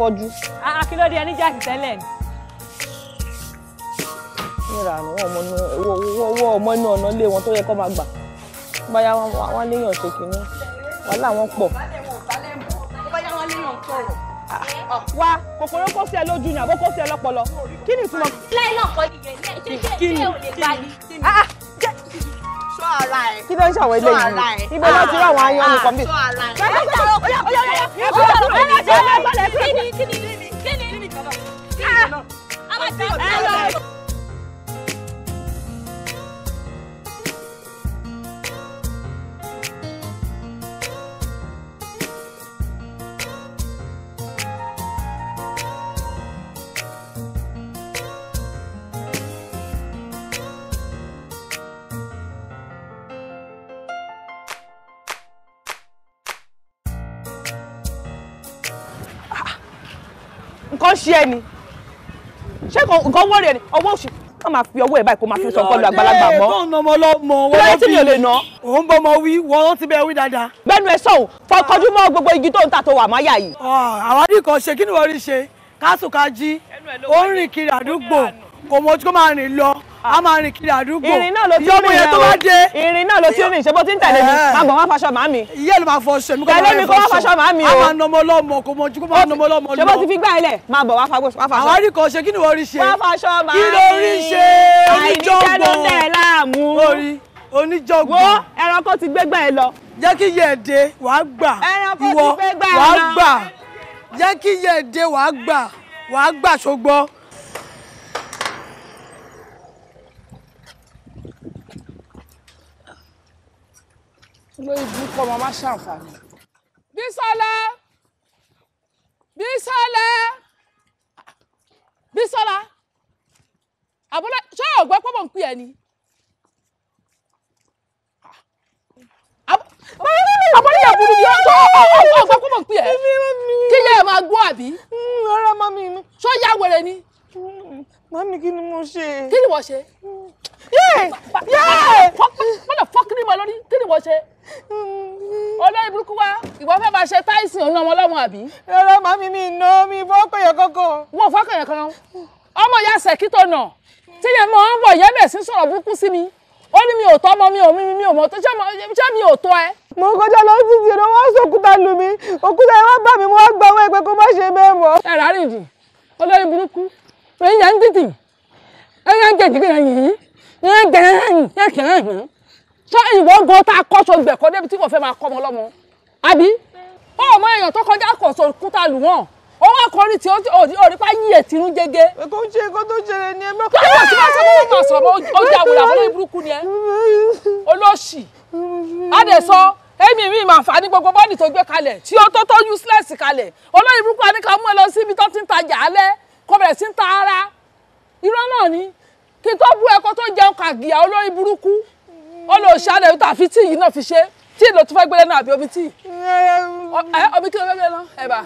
fọ́jú. kí ló dé ẹni jáde tẹ́lẹ̀ ni. nira àwọn ọmọ ọmọ inú ọ̀nà lé wọn tó yẹ kó máa gbà báyà wọn léèyàn ṣe kínní wàhálà wọn pọ̀. wa kòkòrò kó sí ẹ lójú ni àbó kó sí ẹ lọ́pọlọ kí ni ìtumọ̀. láì náà kọ́ nìyẹn ṣé ṣé ṣé ò lè gbá ni sọ ara ẹ. kí ló ń ṣàwọn ilé yìí ibo ló ti rà wọn ayan nìkan bí. sọ ara ẹ. nǹkan ṣe ẹni ṣé nǹkan wọ́ọ̀rì ẹni ọwọ́ òṣì kí wọ́n máa fi ọwọ́ ẹ̀ báyìí kó máa fi sọ pẹ̀lú àgbàlagbà mọ́. kí ló ń ọmọ lọ́mọ wọn lọ fi òun bọ́ ọmọ wí wọn ti bẹ́ẹ̀ wí dáadáa. bẹ́ẹ̀ni ẹ sọ̀hún fọkànjú mọ́ gbogbo igi tó ń ta tó wà máyà yìí. àwọn adìkan ṣe kí ni wọ́n rí ṣe kásùkájí ó ń rìn kiri àdúgbò kò mọ ojú kó máa rìn lọ a máa rìn kiri àdúgbò ìrìn náà ló ti rìn náà o ìrìn náà ló ti rìn ṣe bó ti ń tẹ̀lé mi máa bọ̀ wá faṣọ màá mi. iye ló máa fọṣọ mi kó máa rẹ fọṣọ a máa nọmọ lọmọ kò mọ ju kó máa nọmọ lọmọ lọ. ṣé bó ti fi gbá ilẹ̀ máa bọ̀ wá faṣọ. àwọn àríkọ̀ ṣe kí ni wọ́n rí ṣe kí ló rí ṣe oníjọ́gbọ̀n oníjọ́gbọ̀n. wo ẹranko ti gbégbá ẹ lọ. lórí burúkú ọmọ má ṣàǹfààní. Bísọ́lá Bísọ́lá Bísọ́lá àbúlé ṣé ọ̀gbẹ́ pọ́pọ̀ ń pè ẹ́ ni. àbúlé yà burú ni ọ̀gbẹ́ pọ́pọ̀ ń pè ẹ́ kí yẹ ẹ máa gbọ́ àbí. ọ̀rẹ́ mọ́ mi inú. ṣó yá wèrè ni. Mami, kí ni mo ṣe? Kí ni wọ́n ṣe? Yéè! Yéè! Mọ́tò fọ́kìrì mọ́ lórí, kí ni wọ́n ṣe? Olórí burúkú wa, ìwọ fẹ́ bá ṣe táìsìn òun ọmọ ọlọ́run àbí? Rárá, màmí mi ná mi fọ́kànyàn kankan. Wọ́n fọ́kànyàn kankan. Ọmọ ìyá Ṣèkí tó nà. Tíyẹn mọ ọmọ ìyá bẹ̀ sí sọ̀rọ̀ burúkú sí mi. Ó ní mi ò tọ́ ọmọ mi ò mi mi ò mọ̀ tó ṣé mi ò tọ́ ẹ. Mo kọjá lọ sí ti wọ́n sọ̀kúta lù mí. Òkúta ẹ wá bà mí, mo wá gbà wọ́n ẹ pé kó má ṣe bẹ́ẹ̀ mọ́. Ẹ olórí burúkú wọ́n yà ń tètè ẹ̀yà ń tètè kìlọ̀ yìí ẹ̀yà ń tẹ̀lé ẹ̀yìn ẹ̀yà kẹ̀lẹ́ ẹ̀yìn. sọ ìwọ gan tá a kọ́sọ gbẹ̀kọ́ débi tí wọ́n fẹ́ máa kọ́ ọmọ lọ́mọ àbí ọmọ èèyàn tó kọjá kọ̀ọ̀sọ kúta lù wọ́n ó wá kọrin tí orí pa yí ètìrú jẹgẹ. kò ń ṣe kó tó ṣẹlẹ̀ ni ẹ mọ́. kí wọ́n ti máa sọ fún màá sọ̀rọ̀ ojú àwùlà fún ìbúrúkú ni ẹ olóṣì adẹ̀sọ èmi mi máa fà ní gbogbo bọ́ọ̀lì tó gbé kalẹ̀ tí ó tó tó useless kalẹ̀ olóyìnbó kan ní ká mú ẹ lọ síbi tó ti ń tajà alẹ́ kó bẹ̀rẹ̀ sí ń ta ara irọ́ náà ni kí n tó bú ẹ̀kọ́ tó jẹun kàgìyà olórí burúkú ó lò ṣáálẹ̀ tó àfi tí yìí náà fi ṣe tí ìlò tó fẹ́ gbélé náà àbí omi tí omi kí ló fẹ́ gbélé náà ẹ̀bà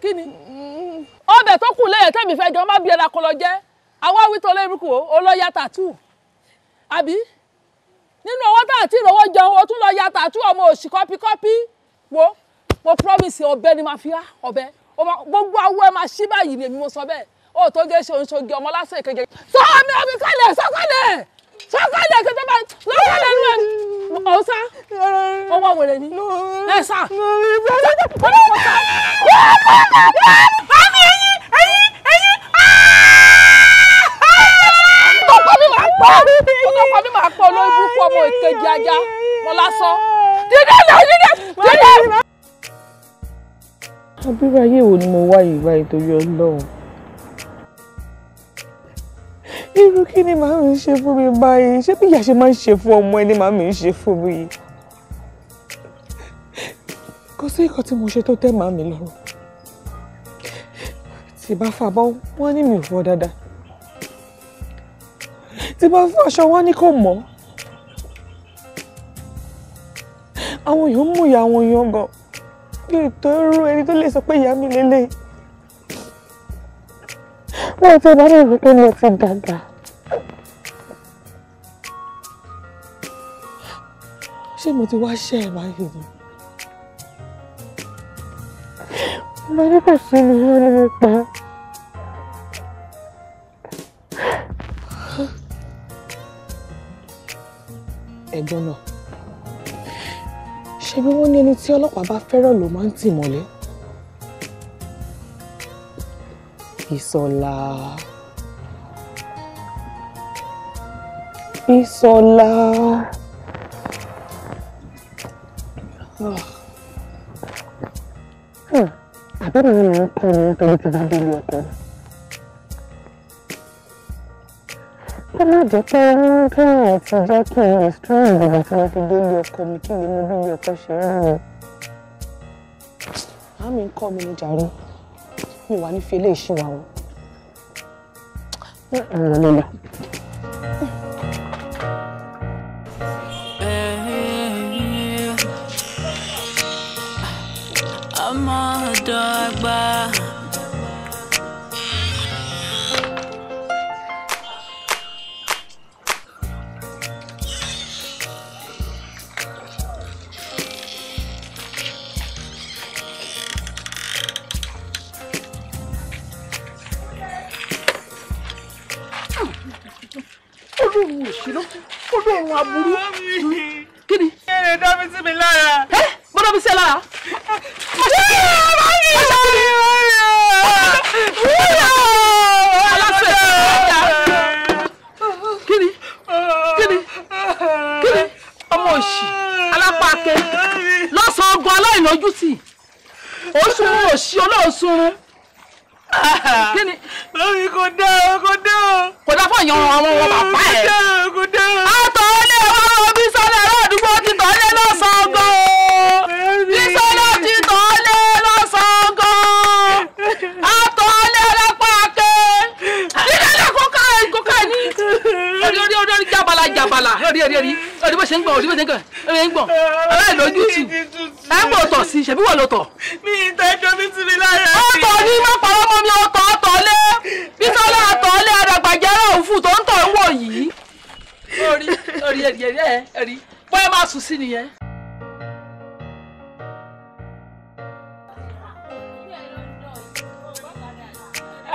kí ni ọbẹ̀ tó kù lẹ́yìn tẹ́mi fẹ́ jọ má bí ẹ̀dá kọlọ jẹ́ àwa wí tó lórí burúkú olóyà tàtú àbí nínú owó tá àti ìrọwọ́ jẹun o tún lọ ya tàtú ọmọ òṣì kọ́píkọ́pí wo mo promise ọbẹ̀ ni màá fi há ọbẹ̀ gbogbo awọ ẹ máa ṣí báyìí ni èmi mo sọ bẹ́ẹ̀ ó tó gé ṣe oṣoogi ọmọ lásán ìkẹjẹ sọ mi omi kálẹ̀ sọ́kálẹ̀ sọ́kálẹ̀ kí n tó bá lọ́kálẹ̀ nù ẹ̀ ọ̀sá ọwọ́ wèrè ni ẹ̀ sá ọlọ́kọ̀ sá. àmì ẹyin ẹyin ẹyin tọkọ mi máa pọ tọkọ mi máa pọ lórí ibùkún ọmọ ìkejì ajá mọ lásán dídé lọ dídé dídé abúlé ayé wo ni mo wá yìí báyìí torí ọlọ́run irú kí ni màá mi ṣe fún mi báyìí ṣé bí ìyá ṣe máa ń ṣe fún ọmọ ẹni màá mi ń ṣe fún mi yìí kò sí nǹkan tí mo ṣe tó tẹ́ màá mi lọ́rùn tí bá fà bọ́ wọ́n ní mi ò fọ́ dáadáa tí bá fọ aṣọ wọ́n ní kò mọ́ àwọn èèyàn mú ìyá àwọn èèyàn gan mi ò tó rú ẹni tó lè sọ pé ìyá mi lélẹ̀ wọ́n ti bá mi wípé mo ti dàgbà. ṣé mo ti wá ṣe ẹ̀ báyìí ni mo ní kò sí mi wọ́n ní mi pa. ẹ̀gbọ́n náà ṣebí wọ́n ní ẹni tí ọlọ́pàá bá fẹ́ràn ló máa ń tì mọ́lé. Ìsọ̀lá. Ìsọ̀lá. Ah. Hmm. àbẹ̀rẹ̀ mi ń kọ́ ni nítorí ti bá délé ọkọ. ó má jẹ́ pé wọ́n tó yẹn ti jẹ́ kí n lè tún ìgbìmọ̀ tí wọ́n fi dé ilé ọkọ mi kí lè mọ bí ilé ọkọ ṣe rí mi. àmì ń kọ́ mi ní jàre mi wà ní fi eléyìí o. ọ̀rọ̀ lọ́la. àlà ẹ̀rí ẹ̀rí ẹ̀rí ẹ̀rí bó ṣe ń gbọ̀n ẹ̀rí bó ṣe ń gbọ̀n ẹ̀rí ń gbọ̀n ẹ̀rí lójú tù ẹ̀ ń bò tọ̀ sí ṣèbí wọ̀ ló tọ̀. mi ì tẹ́jọ́ mi ti mi lára ẹ̀. ọ̀tọ̀ ni má parọ́ mọ́ mi ọ̀tọ̀ ọ̀tọ̀ lé bísọ́lá ọ̀tọ̀ lé àdàgbàjẹ́rẹ́ òfu tó ń tọ̀ ń wò yìí. orí orí ẹ̀rí ẹ̀rí ẹ̀rí bóyá máa sùn sí nìyẹn.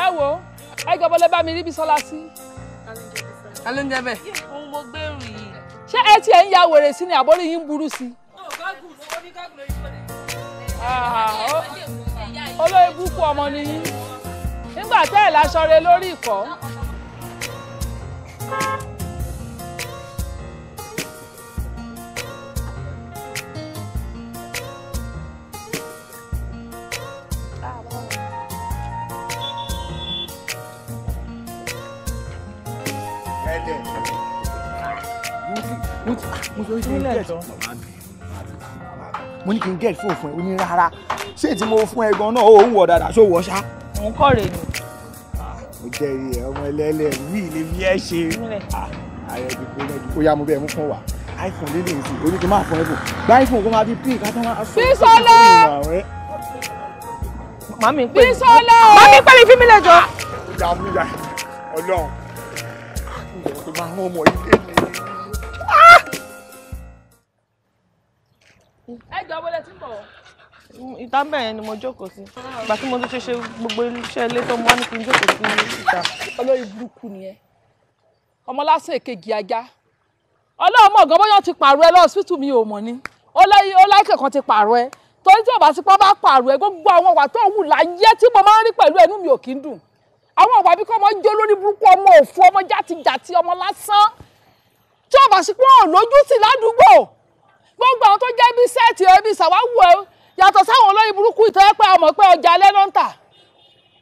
ẹ wo ẹ jọ bọ́lẹ́ bá mi rí bísọ́lá sí. alóúnjẹ bẹ́ẹ̀ ṣé ẹ tiẹ̀ ń ya wèrè sí ni àbórí yín burú sí. olóyè búkú ọmọ nìyí nígbà tẹ́ ẹ̀ láṣọ rẹ lórí ìkọ́. mo sọ wípé ní kí n get fún ẹ ó ní ṣé tí mo fún ẹ gan náà ó ń wọ̀ dáadáa ṣó wọ̀ ṣá. mo ń kọ́ rè ni. mo jẹ́ ẹ ọmọ ẹlẹ́lẹ̀ mi lè fi ẹ ṣe. ààrẹ ti gbé náà ó yá mo bẹ́ẹ̀ mú fún wa iphone lè lè sí orí kí n máa fún ẹ fún gba iphone kó máa fi pín ìkátá máa. Bísọ́lá màmí pé Bísọ́lá màmí pé mi fi mi lè jọ. ìyá ọmọ yìí ẹ jọ wọlé tí ń bọ̀. ìta bẹ́ẹ̀ ni mo jókòó sí ìgbà tí mo ti ṣe ṣe gbogbo iṣẹ́ ilé tó mọ́ ní kí n jókòó sí ìta. olórí burúkú nìyẹn ọmọ lásán èkejì ajá ọlọ́mọ ọ̀gán bóyá ti pààrọ̀ ẹ lọ́sítù mi ò mọ̀ ni ó láìkẹ̀ kan ti pààrọ̀ ẹ torí tí bàbá tipọ́ bá pààrọ̀ ẹ gbogbo àwọn ọ̀wà tó wù láyé tí mo máa ń rí pẹ̀lú ẹnu mi ò kí ń dùn àwọn ọ̀wà bí kò mọ jó lórí burúkú ọmọ òfu ọmọ játijàti ọmọ lásán tí bàbá tipọ́ lójú tì ládùúgbò gbogbo àwọn bí sẹ́ẹ̀tì ẹbí ṣàwáwù ẹ yàtọ̀ sáwọn olóyin burúkú ìtọ́ pé ọmọ pé ọjà alẹ́ náà ń tà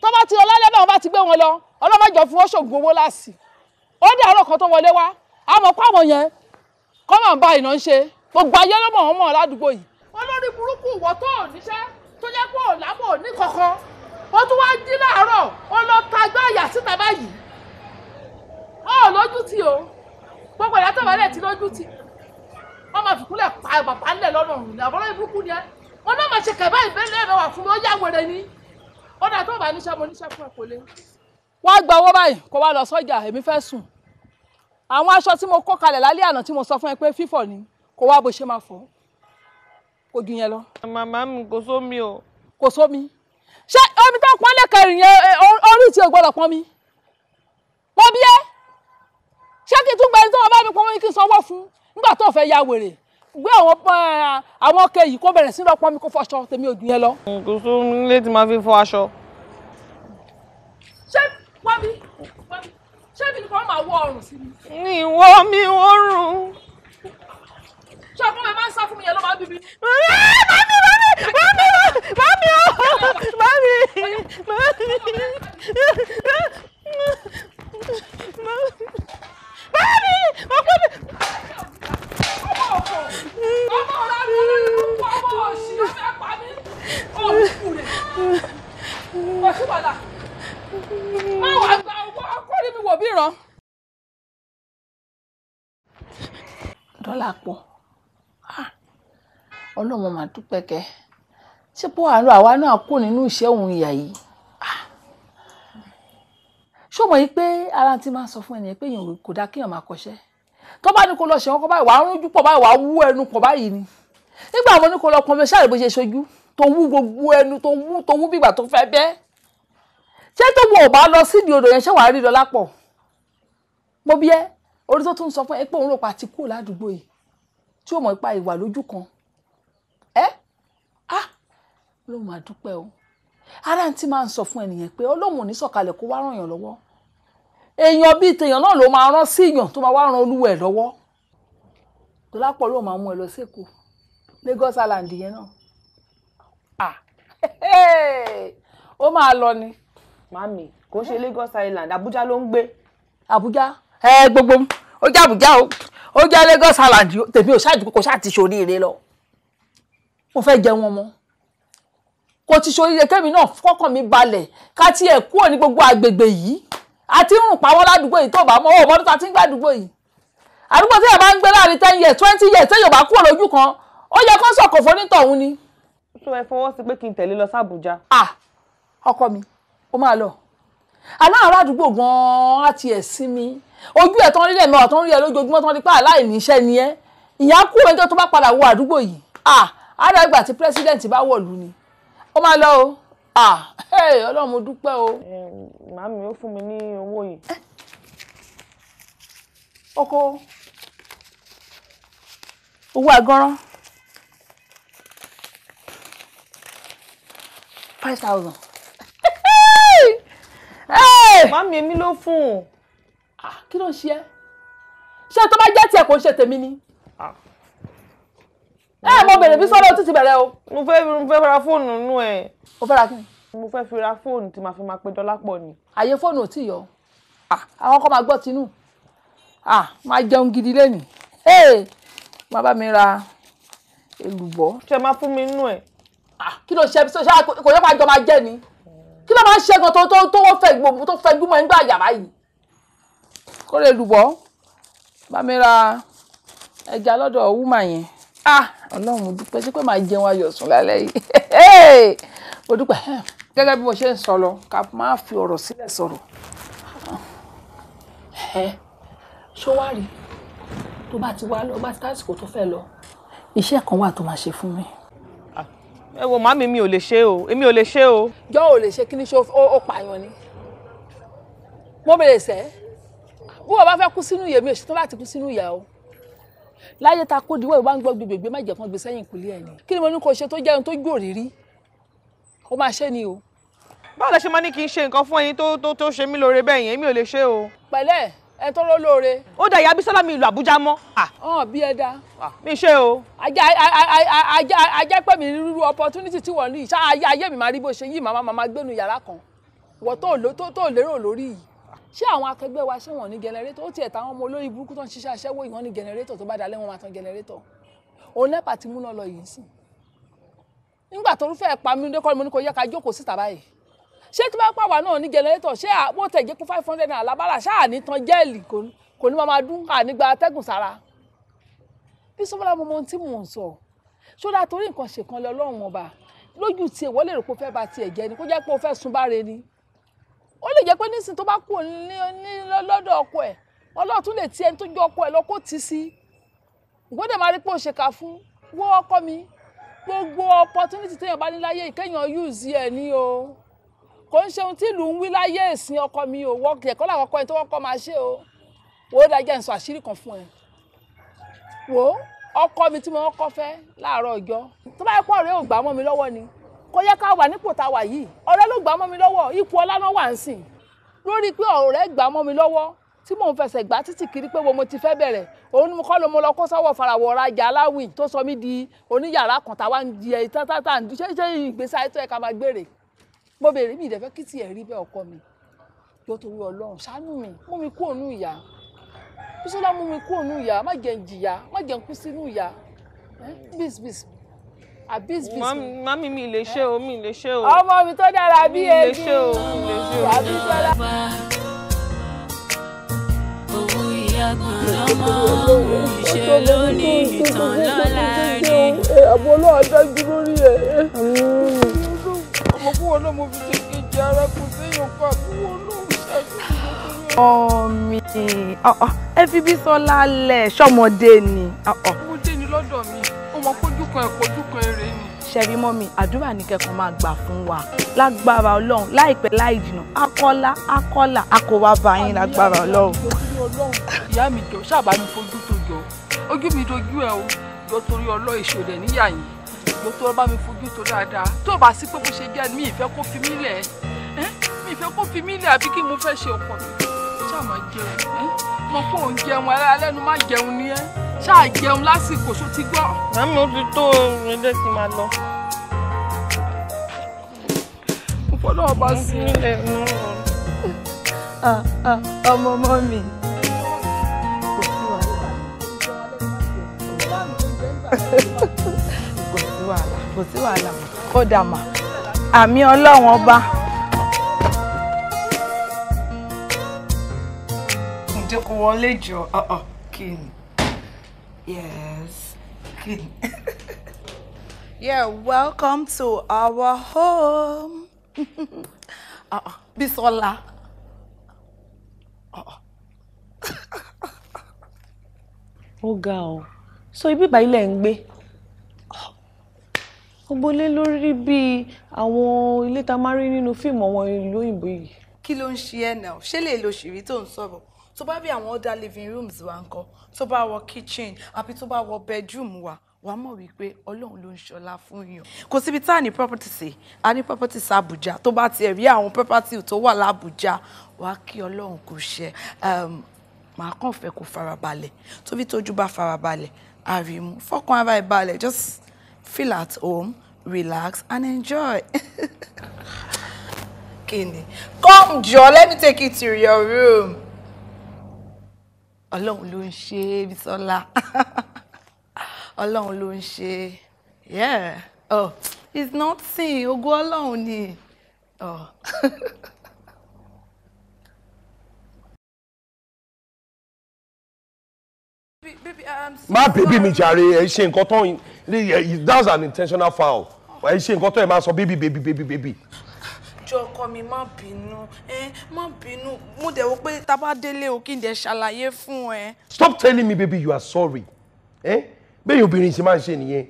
tó bá ti ọlọ́lẹ́ náà bá ti gbé wọn lọ ọlọ́mọjọ fún ọṣọ̀gùn owó láàsì ó dé àárọ̀ kan tó wọlé wá àmọ́ kó àwọn yẹn kọ́ máa ń ba ìná ń ṣe gbogbo ayé ló mọ̀ wọ́n mọ̀ ládùúgbò yìí. olórí burúkú wọ tó níṣẹ́ tó yẹ kó ò ní kankan ó tún wáá jí láàárọ̀ ó lọ ta gbáàyà síta báyìí ó lójú tì o gbogbo ìyá wọ́n máa fìkúnlẹ̀ pa bàbá ńlẹ̀ lọ́nà ọ̀run ní àbọ̀lọ́ ìbúkú ni ẹ́ wọ́n náà máa ṣe kẹ̀bá ìbẹ́lẹ̀ rẹ̀ wà fún mi ó yá wèrè ni ó dà tó bá níṣẹ́ mo níṣẹ́ fún ẹ kò lé. wọ́n gba owó báyìí kó wá lọ sọ́jà èmi fẹ́ sùn àwọn aṣọ tí mo kó kalẹ̀ lálẹ́ àná tí mo sọ fún ẹ pé fífọ̀ ni kó wá bó ṣe máa fọ̀ kó ju yẹn lọ. màmá mi kò sómi o. kò sómi ṣé omi tó pọn lẹ́kẹ̀rin yẹn orí ti ò gbọ́dọ̀ pọn mi pọn bí ẹ ṣé kí n tún gbẹ ẹni tó wọn bá mi pọn mi kí n sanwó fún nígbà tó fẹ́ ya wèrè gbé àwọn eh, àwọn ọkẹ yìí kó bẹ̀rẹ̀ sí lọ́pọ̀ mi kó fọṣọ tèmi ò dùn yẹn lọ. kò sóhun nílé tí màá fi fọ aṣọ. ṣé wọ́n mi ṣé mi ni kò máa wọ ọrùn sí mi. ní ìwọ mi ò rùn. ṣé ọkọ mi máa ń sá fún mi yẹn ló máa bíbí. mami mami mami mami o mami mami mami ọkọ mi ọmọ ọ̀la mi ọmọ ọ̀sìn ló fẹ́ pa mí ọ̀sùnkù rẹ̀ ọ̀sùnbọ̀là má wàá gba owó akọ́rí mi wò bí ràn. dọ́là pọ̀ ah, ọlọ́run mà dúpẹ́ kẹ́ ṣé pọ́ àárọ̀ àwa náà kú nínú ìṣẹ́ òun ìyà yìí ah. ṣó mọ̀ yìí pé ara ti máa sọ fún ẹnìyẹn pé èèyàn kò dáa kéèyàn máa kọṣẹ́ tó bá ní kó lọ ṣe wọn kó báyìí wàá rújú pọ̀ báyìí wàá wú ẹnu pọ̀ báyìí ni nígbà wọn ní kó lọ pọn mi ṣáà bó ṣe ṣojú tó wú gbogbo ẹnu tó wú tó wú bìgbà tó fẹ́ bẹ́ ṣé tó wọn ò bá lọ sídìí odò yẹn ṣé wàá rí lọ lápọ̀ mo bí ẹ orí tó tún sọ fún ẹ pé òun rò pa àti kúrò ládùúgbò yìí tí ó mọ̀ ipa ìwà lójú kan ẹ ah lóun àdúpẹ́ o ara ń tí máa ń sọ fún ẹnìyẹn pé ọlọ́run ò ní sọ̀kalẹ̀ kó wá ràn yàn lọ́wọ́ èèyàn bíi tèèyàn náà ló máa rán sí èèyàn tó máa wá ran olúwa ẹ̀ lọ́wọ́ tó lápọ̀ ló máa mú ẹ lọ sẹ́kọ̀ọ́ Lagos Island yẹn náà ah ó máa lọ ni. màmí kò ṣe Lagos Island Abuja ló ń gbé. Abuja ẹ gbogbo ó jẹ́ Abuja o ó jẹ́ Lagos Island tèmi ò ṣáàjú kò ṣáà ti ṣoríire lọ mo fẹ́ jẹ wọn mọ́ kò ti ṣoríire kẹ́mi náà fọkàn mi balẹ̀ ká tiẹ̀ kúrò ní gbogbo àgbègbè yìí àti ń rùn pawọ́ ládùúgbò yìí tó bá mọ́ ọmọ tó ta ti ń gbàdúgbò yìí àdúgbò tí yàrá ń gbé láàrin ten years twenty years tí yóò bá kúrò lójú kan ó yẹ kó sọ̀kò fonítọ̀hún ni. sọ ẹ fọwọ́ sí pé kí n tẹ̀lé lọ sábùjá. à ọkọ mi ó máa lọ àná àrà àdúgbò gan-an á tiẹ̀ sí mi ojú ẹ̀ tán rílẹ̀ mẹ́wàá tán rí ẹ lójoojúmọ́ tán rí pé aláìníṣẹ́ ni ẹ ìyá kú ẹjọ́ tó bá padà wọ àdúgbò yìí à á dàgbà tí pírẹ́sídẹ̀ǹtì bá wọ̀lú ni ó máa lọ o ah hey ọlọ́run mo dúpẹ́ o. màámi ó fún mi ní owó yìí. ọkọ eh. owó agánrán five thousand. màámi èmi ló fún un. Ah, kí ló ń ṣe é ṣé tó bá jẹ́ tiẹ̀ kò ń ṣe tèmi ni ẹ mo bèrè bí sọ́dọ̀ títí bẹ̀rẹ̀ o. mo fẹ́ mo fẹ́ ra fóònù nínú ẹ̀. mo fẹ́ ra kí ni. mo fẹ́ fi ra fóònù tí màá fi máa pe dọ́là pọ̀ ni. àyè fóònù ò tí yọ àwọn ọkọ máa gbọ́ tinú máa jẹun gidi lẹ́nìí máa bá mi ra èlùbọ́. ṣe máa fún mi nínú ẹ̀. kí ló ṣe ṣáà kò yẹ máa jọ máa jẹ ni kí ló máa ń ṣẹ́gun tó tó tó fẹ́ gbòmù tó fẹ́ gbúmọ̀ nígbà yàrá yìí. kó lè lùbọ́ bá mi ra ẹja lọ́dọ̀ wúmà yẹn. ah ọlọ́run mo dúpẹ́ sí pé màá jẹun ayọ̀ sùn lálẹ́ yìí mo dúpẹ́ hmm. gẹ́gẹ́ bí mo ṣe ń sọ lọ ká máa fi ọ̀rọ̀ sílẹ̀ sọ̀rọ̀ ṣó wá rí tó bá ti wá lọ bá ti tásìkò tó fẹ́ lọ iṣẹ́ kan wà tó máa ṣe fún mi. Ah, ẹ wo màmí mi ò lè ṣe o èmi ò lè ṣe o. jọ́ ò lè ṣe kí ni ṣe ó pààyàn ni mo bèrè sẹ́ bí wọ́n bá fẹ́ kú sínú ìyè mi ò ṣetán láti kú sínú ìyà o láyé ta kó diwọ́ ìwà ń gbọ́ gbègbè mẹ́jẹ̀ kan gbé sẹ́yìn ìkúlé ẹ̀ ni kí ni mo ní kó ṣe tó jẹ́ ohun tó gbòòrì rí ó máa ṣe ni o. báwo lẹ ṣe máa ní kí n ṣe nǹkan fún ẹni tó tó tó ṣe mí lóore bẹ́ẹ̀ yẹn mi ò lè ṣe o. pẹ̀lẹ́ ẹ tọrọ lóore. ó dà ìyá bísọ́lá mi ìlú àbújá mọ́. ọ̀hún bí ẹ dá. mi ṣe o. ajá pẹ̀ mí rírú opportunity tí wọ́n ní ayé mi máa rí bó ṣe yí màmá màmá gbénu yàrá kan wọ́n tó lérò lórí yìí ṣé àwọn akẹgbẹ́ wa ṣé wọ́n ní gẹnẹrétọ̀ ó tiẹ̀ táwọn ọmọ olórí burúkú tó ń ṣiṣẹ́ aṣẹ́wó ìwọ́n ní gẹnẹrétọ̀ tó bá dalẹ́ wọn máa tan gẹnẹrétọ̀ òun nẹ́pà ti múná lọ yìí sìn nígbà tó fẹ́ pa mí lókọ́ mo ní kò yẹ ká jókòó síta báyìí ṣé tí bá pàwọ́ náà ní gẹnẹrétọ̀ ṣé àwọn tẹ̀jẹ́ kún five hundred naira lábára ṣáà ní tan jẹ́ẹ̀lì kò ní máa dún àní gba atẹ́gùn sára bí sọ́bọ́lá mo mọ ohun tí mò ń sọ ṣódà torí nǹkan ṣèkan lọ lọ́rùn ọba lójú tiẹ̀ wọ́n lè rò pé ó fẹ́ ba tiẹ̀ jẹ́ ni kó jẹ́ pé ó fẹ́ sun ni ó lè jẹ́ pé nísìnyí tó bá kú ní lọ́dọ̀ ọkọ ẹ̀ ọlọ́ọ̀tún lè ti ẹni tó jọ ọkọ ẹ̀ lọ kó ti sí ìgbọ́dọ̀ máa rí pé ó ṣèkà fún wọ́ ọkọ mi gbogbo opportunity téèyàn bá ní láyé ìkéèyàn use ẹ̀ ní o kò ń ṣe ohun tí ìlú ń wí láyé ìsìn ọkọ mi ò wọ́ọ̀kì ẹ̀kọ́ làwọn ọkọ ẹ̀ tó wọ́kọ́ máa ṣe o wò ó dájẹ́ ń sọ àṣírí kan fún ẹ wò ó ọkọ mi tí mo kọ́ fẹ́ láàárọ̀ ọjọ́ tó bá yẹ kó ọ̀rẹ́ ò gbà mọ́ mi lọ́wọ́ ni kò yẹ ká wà nípò tá a wà yìí ọ̀rẹ́ ló gbà mọ́ mi lọ́wọ́ ipò ọlá náà wà ń sìn lórí pé ọ̀rẹ́ gbà mọ́ mi lọ́wọ́ tí mò ń fẹsẹ̀ gbá títì kiri pé wo mo ti fẹ́ bẹ̀rẹ̀ òun ni mo kọ́ ló mo lọ kó sọ́wọ́ farawọ̀ rajà aláwìn tó sọ mí di oníyàrá kan táwa ń di ẹyí tátátá ń ṣe ṣe ìgbésí ayé tó yẹ ká máa gbére mo béèrè mi ìdẹ́fẹ́ kí tiẹ̀ rí bẹ́ẹ̀ ọkọ mi yóò torí ọlọ́run ṣàánú mi mú mi kú ònú ìyá bísọ́lá mú mi kú ònú ìyá má jẹ́ ń jìyà má jẹ́ ń kú sínú ìyá bísbís abis bis. mami mi lè ṣe o mi lè ṣe o. ọmọ mi tó dára bí ebi. mi lè ṣe o mi lè ṣe o. àbí sọlá. owó ìyàgbọ́n lọ́mọ òun ṣe lónìí ìtàn lọ́la rí. àbọ̀ olóhùn dájú lórí ẹ̀. ọmọ kúwọ́ náà mo fi ṣe kejì ara kò séèyàn kó àbúrò olóhùn ṣáájú ọmọ ẹ fi bí sọlá lẹ ṣọmọdé ni. ọmọdé ni lọ́dọ̀ mi wọn kójú kan ẹ̀ kójú kan eré ni. ṣẹ́rí mọ́mì àdúrà ní kẹ́kọ̀ọ́ máa gbà fún wa lágbára ọlọ́run láìpẹ́ láì jìnnà akọ́lá akọ́là akọ̀wá báyìí lágbára ọlọ́run. ìyá mi jọ sábà mi fojú tó jọ ojú mi dojú ẹ o jọ torí ọlọ́ ìṣòdẹ níyà yìí jọ tó bá mi fojú tó dáadáa tó bá sí pé bó ṣe jẹ́ mi ìfẹ́ kó fi mí lẹ̀ mi ìfẹ́ kó fi mí lẹ̀ àbí kí mo fẹ́ ṣe ọkọ mi ṣàmọ̀ jẹun mo kó òun jẹun alẹ́nu má jẹun ni ẹ́ ṣáà jẹun lásìkò ṣó ti gbọ́. màmí ó ti tó ilé ti máa lọ. mo fọdọ̀ ọba sí ilé ah, ah, ọmọ ọmọ mi. kò sí wàhálà kò sí wàhálà kódà mà àmì ọlọ́run ọba. dìde kò wọlé jọ uh-uh. kí yes kí yeah welcome to our home Uh Bisola. Uh-uh. ó ga ọ so ibi ìbá ilẹ̀ ń gbé ogbolé lórí bíi àwọn ilé tá a máa rí nínú fíìmù àwọn ìlú òyìnbó yìí. kí ló ń ṣe ẹ náà ṣé lè lo ṣìrí tó ń sọ̀rọ̀ tó bá rí àwọn other living rooms wa ńkọ́ tó bá wọ kitchen àbí tó bá wọ bedroom wa wàá mọ̀ wípé ọlọ́run ló ń ṣọlá fún yàn. kò síbi tá a ní property sí a ní property sí Abuja tó bá tiẹ̀ rí àwọn property tó wà lábújá wàá kí ọlọ́run kò ṣe màá kàn fẹ́ kó farabalẹ̀ tóbi tójú bá farabalẹ̀ àrímú fọkàn ara ẹ̀ balẹ̀ just feel at home relax and enjoy. kí ni come jọ let me take you to your room ọlọ́run ló ń ṣe é Bísọ́lá ọlọ́run ló ń ṣe é yeah oh it's not nothing ogun ọlọ́run ni oh. má bèbí mi jàre ẹ ṣe nǹkan tó that's an intentional foul ẹ ṣe nǹkan tó ẹ máa sọ bébí bébí bébí bébí jọ ọkọ mi má bínú má bínú mo dẹ̀ wò pé tá a bá délé o kí n dẹ̀ ṣàlàyé fún ẹ. stop telling me baby you are sorry eh? bẹ́ẹ̀ obìnrin ṣe máa ṣe nìyẹn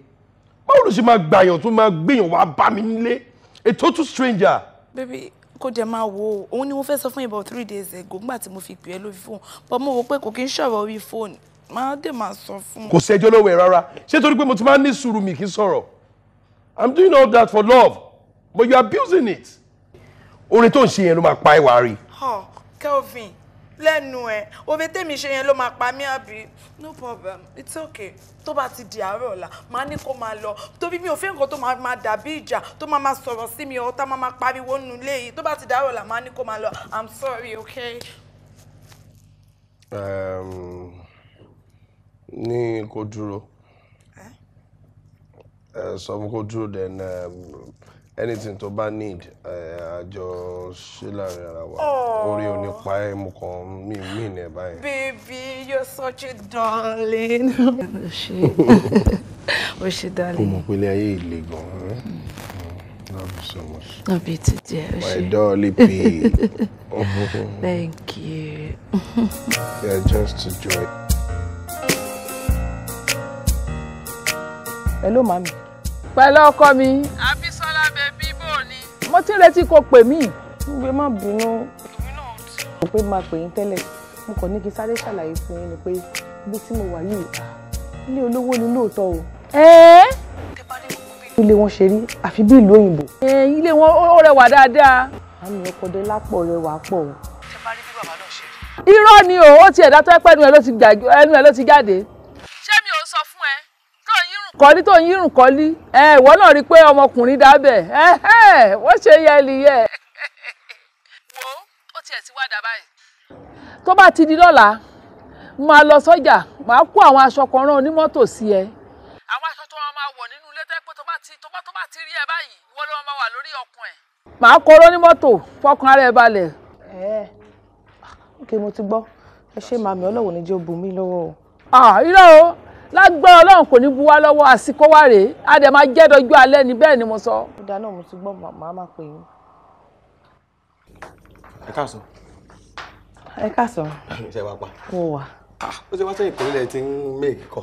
báwo ló ṣe máa gbàyàn tó máa gbéyàn wá bá mi nílé a total stranger. baby kó jẹ máa wo òun ni mo fẹ́ sọ fún about three days ago nígbà tí mo fi pè é lórí fóònù but mo wò pé kò kí n ṣọ̀rọ̀ orí fóònù máa dé máa sọ fún. kò sí ẹjọ́ lọ́wọ́ ẹ̀ rárá ṣé torí pé mo ti máa ní sùúrù mi kì í sọ̀rọ̀ i'm doing all that for love but you are abusing it oore tó ń ṣe yẹn ló máa pa ìwà rí. Kelvin lẹ́nu ẹ̀ òwe tèmi ṣe yẹn ló máa pa mí àbí no problem it's okay tó bá ti di àárọ̀ ọ̀la màá ní kó máa lọ torí mi ò fẹ́ nǹkan tó máa máa dàbí ìjà tó máa máa sọ̀rọ̀ sí mi ọ̀tá máa máa pariwo nù léyìí tó bá ti di àárọ̀ ọ̀la màá ní kó máa lọ i'm sorry okay. Um, ní kó dúró ẹ sọ fún kó dúró then. Um, anything tó bá need àjọ ṣe láàrin ara wa orí onípa ẹ mo kàn mí mí ní ẹ báyìí. baby you're such a darling. o ṣe o ṣe darling. kò mọ̀ pé ilé ayé ìle gan-an. Eh? Mm. Love you so much. Love you too, dear. My darling P. Thank you. Yeah, just a joy. Hello, mami. Pẹ̀lú ọkọ mi mo ti retí kó pè mí. mo gbé má bínú mo pé máa pè yín tẹ́lẹ̀ mo kàn ní kí sáré ṣàlàyé fún yín ni pé ibi tí mo wà yìí ilé olówó ni lóòótọ́ o. ẹ́ẹ́. ilé wọn ṣe rí àfi bí ìlú òyìnbó. ilé wọn ó rẹwà dáadáa. àmì ọkọ̀dé lápọ̀ rẹwà pọ̀ o. irọ́ ni o ó ti ẹ̀dá tó ẹ́ pẹ́nu ẹ̀ ló ti jáde kọ́lí tó ń yírùn kọ́lí ìwọ náà rí i pé ọmọkùnrin dábẹ̀ wọ́n ṣe yẹli yẹ. wo ó tiẹ̀ ti wá dà báyìí. tó bá ti di lọ́la máa lọ sọ́jà máa kó àwọn aṣọ kan rán onímọ́tò sí ẹ. àwọn aṣọ tó wọn máa wọ̀ nínú ilé tẹ́ pé tó bá ti tó bá tó bá ti rí ẹ báyìí wọ́n ló máa wà lórí ọkàn ẹ̀. màá kọ́rọ́ ní mọ́tò fọkàn ara ẹ balẹ̀. ẹ ẹ ok mo ti gbọ́ ẹ ṣe màmí ọlọ́wọ́ níjẹ́ ó bù lọ́wọ́ o lágbára ọlọ́run kò ní bu wá lọ́wọ́ àsìkò wá rèé a dẹ̀ máa jẹ́ dọjú alẹ́ ni bẹ́ẹ̀ ni mo sọ. ó dáná mo ti gbọ́ màá máa pè yín. ẹ káàsán. ẹ káàsán. ṣe wá pa. mo wà. Ah, ó ṣe wá sẹ́yìn kò nílẹ̀ tí ń méèkì kọ.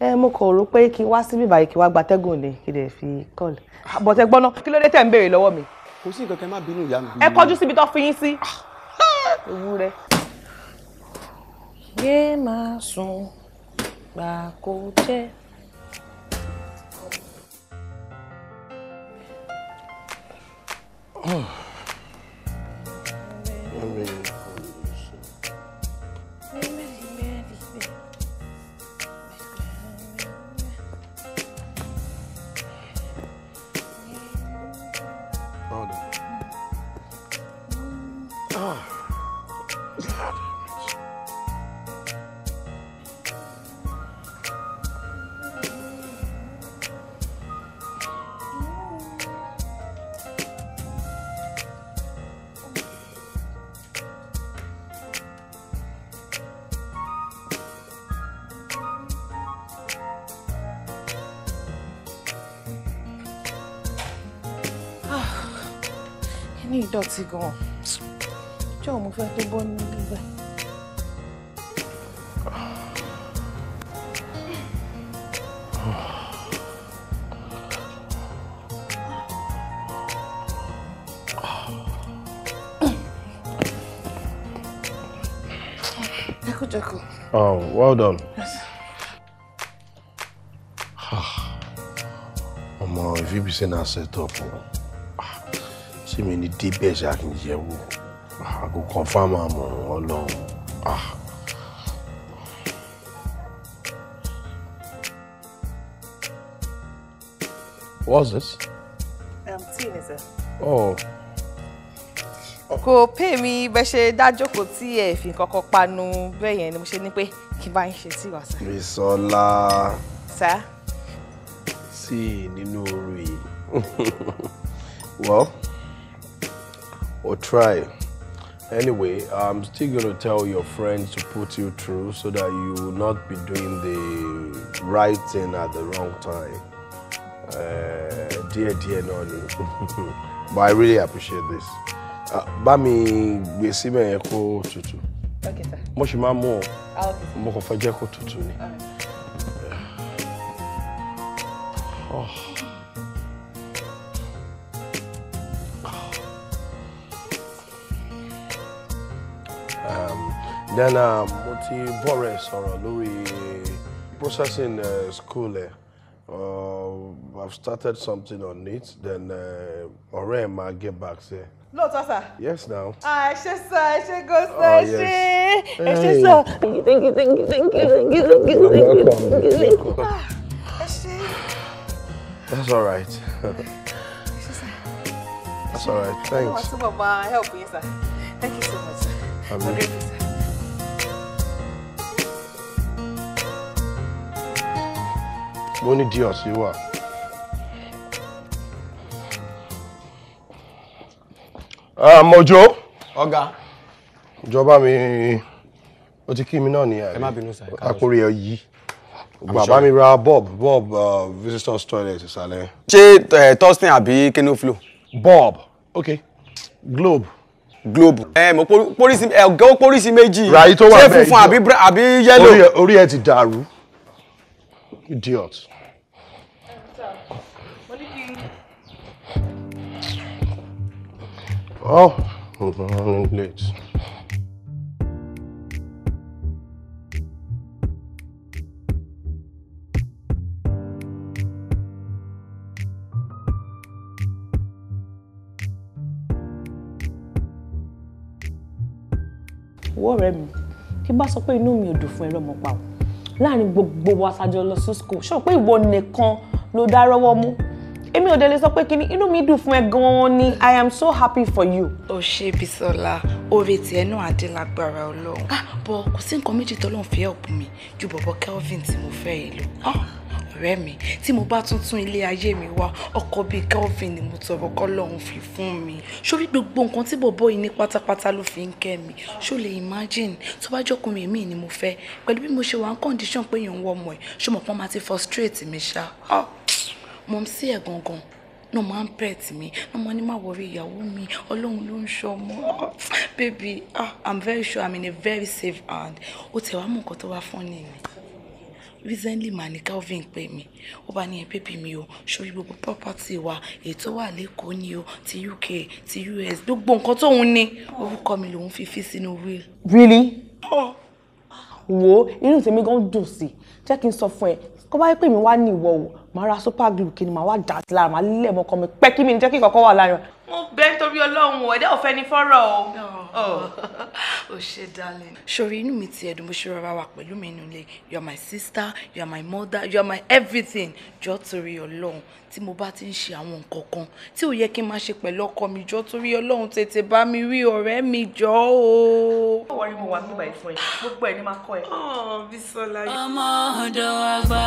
ẹ mo kàn rò pé kí wá síbí báyìí kí wá gba tẹ́gùn lè kí lè fi kọ́ọ̀lù. bọ̀tẹ́ gbọ́ná kí ló dé tẹ̀ ń béèrè lọ́wọ́ mi. kò sí nǹkan kẹ́ má bínú ìyá mi. ẹ kọjú síbi tó fi yín sí. Ah. ewúrẹ́. yéé máa sùn. bà cô chê Oh. dọ̀tí gan-an jọ mo fẹ́ tó bọ́ ní bíbẹ̀. Jeko. Oh, well done. Yes. Ah, ọmọ, if you be saying I set up. Oh tí mi ní débẹ̀ ṣàkíyẹ̀wò àgọ́ ah, confam àmọ́ ọlọ́run. Ah. What's this? Um, tea, is it? Oh. Kò pè mí bẹ́ ṣe dájókòó tí ẹ fi kọ́kọ́ panu bẹ́ẹ̀ yẹn ni mo ṣe ní pé kí n bá ń ṣe tí wà sá. Bisola. Sá. Sí nínú oru yìí. Well try. Anyway, I'm still going to tell your friends to put you through so that you will not be doing the right thing at the wrong time. Uh, dear, dear, Noni. But I really appreciate this. Ah, Bami mi gbé e síbẹ̀ yẹn kó Okay, sir. Mo ṣì máa mú ọ. Mo kàn fẹ́ jẹ́ ni. Oh. then um, mo ti bọ̀rẹ̀ sọ̀rọ̀ lórí processing uh, school ẹ̀ uh, I've started something on it then uh, ọ̀rẹ́ ẹ̀ máa get back sí lóòótọ́ sà. yes now. Ah, ẹ ṣe sọ ẹ ṣe go sọ oh, ẹ ṣe sọ. thank you thank you thank you thank you thank you thank you thank you thank you thank you. Ah, ẹ ṣe. that's all That's all Thanks. Thank you so much. mo ní di ọ̀sìn wà. Ah, mọ̀jọ́ ọ̀gá ìjọba mi ó ti kí mi náà nìyà rẹ̀ àkórí ẹ̀ yìí bàbá mi ra bob bob uh, visitors toilet ìsàlẹ̀. ṣé Thurston àbí keno flow. bob ok globe. globe ẹ mo polisi ẹ gẹ́wọ́ polisi méjì ṣé funfun àbí yellow. orí ẹ ti dàrú. Idiot. Oh, I'm running late. Wọ́n rẹ̀ mi, kí bá sọ pé inú mi ò dùn fún láàrin gbogbo wa sájọ lọ sí school ṣé o pé ìwọ nìkan ló dá rọ́wọ́ mú èmi ò lè sọ pé kíni inú mi dùn fún ẹ gan-an ni i am so happy for you. ó ṣe Bísọ́lá oore tiẹ̀ náà adé lágbára Ọlọ́run ah, bọ kò sí nǹkan méjì tọ́lọ́run fi help mi ju bọ̀bọ̀ Kelvin tí mo fẹ́ yìí lọ. Ah, ọ̀rẹ́ mi tí mo bá tún tún ilé ayé mi wá ọkọ bíi Kelvin ni mo tọrọ kọ́ lọ́hún fi fún mi sórí gbogbo nǹkan tí bọ̀bọ̀ yìí ní pátápátá ló fi ń kẹ́ mi ṣó lè imagine tó bá jọkùnrin mi ni mo fẹ́ pẹ̀lú bí mo ṣe wà ń condition pé èèyàn ń wọ ọmọ ẹ̀ ṣó mọ̀ pọ́n máa ti frustrate mi ṣá ah! mọ̀ sí ẹ̀ gangan náà máa ń pet mi náà máa ní má wọrí ìyàwó mi ọlọ́run ló ń ṣọmọ ah! baby ah i'm very sure i'm in a very safe hand ó tẹ̀ wá mọ̀ nǹkan tó wá fún ni mi recently mà ní Calvin pè mí ó bá ní ẹ pépè mi o sórí gbogbo property wa ètò wà lẹ́kọ̀ọ́ ni o ti UK ti US gbogbo nǹkan tóun ní orúkọ mi lòun fi fi sínú will. really wo inú tèmi gan dùn sí jẹ́ kí n sọ fún ẹ kó bá yẹ pé mi wá ní ìwọ o màá ra super glue kí ni màá wá dà sí lára màá lílẹ̀ mọ́kọ mi pẹ́ kí mi jẹ́ kí kọ̀ọ̀kan wà láyọ̀. mo bẹ nítorí ọlọ́run o ẹ̀dá ni fọ́rọ̀ o. o ṣe darling. sori inú mi ti ẹ̀dùn bó ṣe rọra wà pẹ̀lú mi nínú you are my sister you are my mother you are my everything jọ torí ọlọ́run tí mo bá ti ń ṣe àwọn nǹkan kan tí ò yẹ kí n máa ṣe pẹ̀lú ọkọ mi jọ torí ọlọ́run tètè bá mi rí ọ̀rẹ́ mi jọ o. ó wọrí mo wà nígbà ìfọ yìí gbogbo ẹ ní máa kọ ẹ. Oh, ọmọ ọdọ àgbà.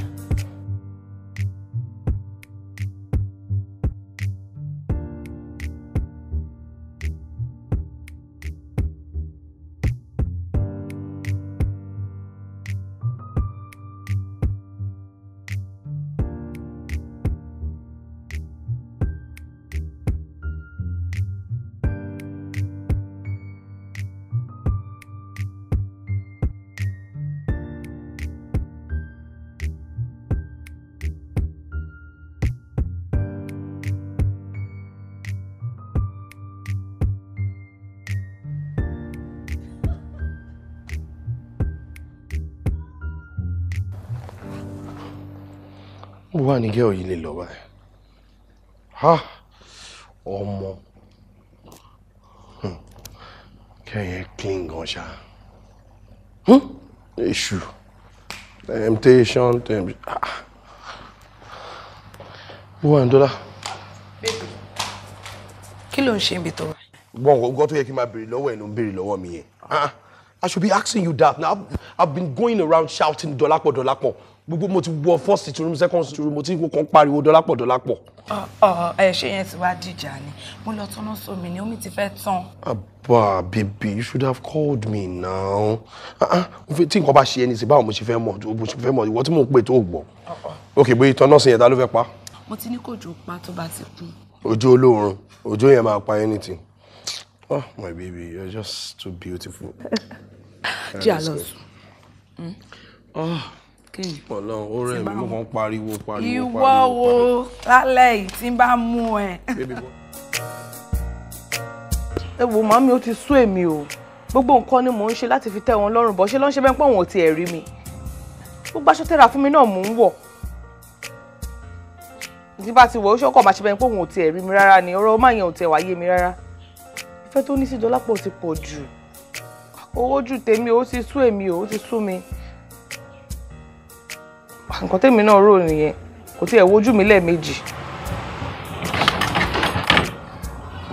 bó wà ní gẹ́ọ̀ yìí lè lọ báyìí ha ọmọ hmm. kẹyẹ clean gan ṣá hmm? èṣù temptation temptation ah, bó ah. wà ní dọ́là. kí ló ń ṣe ibi tó wà. gbọ́n gbọ́ tó yẹ kí n máa béèrè lọ́wọ́ ẹ̀ ló ń béèrè lọ́wọ́ mi yẹn ah, I should be asking you that now I've, been going around shouting dọ́lápọ̀ dọ́lápọ̀ gbogbo mo ti wọ first sitting room second sitting room mo ti kàn pariwo dọ́lápọ̀ dọ́lápọ̀. ọ ẹ ṣé yẹn ti wá dìjà ni mo lọ tọ́nà sómi ni omi ti fẹ́ tán. àbá baby you should have called me now ah, ah, tí nǹkan bá ṣe ẹni sí báwo mo ṣe fẹ́ mọ̀ mo ṣe fẹ́ mọ̀ ìwọ tí mò ń pè tó gbọ́ ok bóyá ìtọ́nà sí yẹn ta ló fẹ́ pa. mo ti ní kò jò pa tó bá ti kú. ojú olóorun ojú yẹn máa pa anything oh my baby you're just too beautiful. jẹ́ àlọ́ sùn. Ọlọ́run ó rẹ̀ mí mo kàn pariwo pariwo pariwo. Ìwọ wo lálẹ́ yìí tí n bá mú ẹ. Ẹ wò màmí ó ti sú èmi o gbogbo nǹkan ni mò ń ṣe láti fi tẹ́ wọn lọ́rùn bọ́ ṣe ló ń ṣe bẹ́ẹ̀ pé òun ò tiẹ̀ rí mi gbogbo aṣọ tẹ́ra fún mi náà mò ń wọ̀ tí bá ti wọ̀ ó ṣọ́kọ̀ máa ṣe bẹ́ẹ̀ pé òun ò tiẹ̀ rí mi rárá ni ọ̀rọ̀ máa yẹn ò tiẹ̀ wá mi rárá ìfẹ́ tó ní sí Dọlápọ̀ ti pọ̀ jù owó ju tèmi ó ti sú èmi ó ti sú mi nǹkan tèmi náà rò nìyẹn kò tiẹ̀ wojú mi lẹ́ẹ̀mejì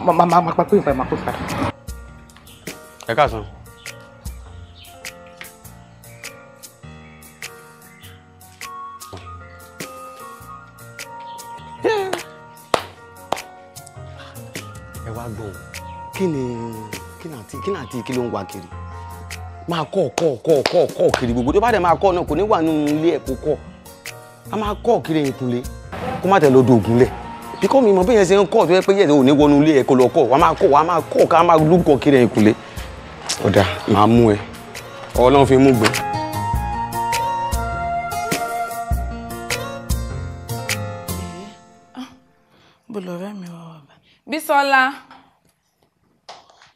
màmá màmá pàpé ìpàdé màpé ìpàdé. ẹ káàsán. ẹ wá gbọ́ kí ni kí ni àti kí ni àti kí ló ń wá kiri. Ma kọ́ kọ́ kọ́ kọ́ kọ́ kiri gbogbo tó bá dẹ̀ ma kọ́ náà kò ní wà nínú ilé ẹ̀kọ́ kọ́ a máa kọ́ kiri ìkúnlẹ̀ kó má tẹ̀ lọ do ògùn lẹ̀ bíkọ́ mi mọ̀ bí yẹn ṣe ń kọ́ tó yẹ pé yẹn ò ní wọnú ilé ẹ̀kọ́ lọ kọ́ wa máa kọ́ wa máa kọ́ ká máa lúkọ́ kiri ìkúnlẹ̀ ọ̀dà máa mú ẹ ọlọ́run fi mú gbẹ. Bísọ́lá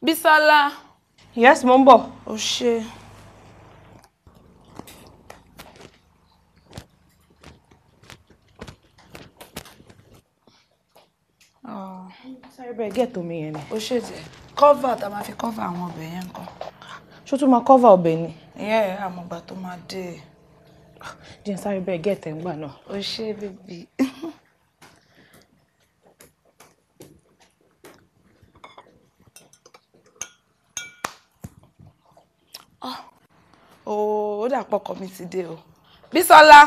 Bísọ́lá yes mo ń bọ̀. o ṣe. sáré bẹ́ẹ̀ gẹ̀ tómi yẹn ni. o ṣe tẹ cover tá a máa fi cover àwọn ọbẹ̀ yẹn nǹkan. ṣó tún máa cover ọbẹ̀ ni. ìyá àmọ̀gbà tó máa dé. Ah, jẹ́ sáré bẹ́ẹ̀ gẹ̀ tẹ̀ ń gbà náà. o ṣe bíbí. ó dàpọ̀ ọkọ mi ti dé o bísọ́lá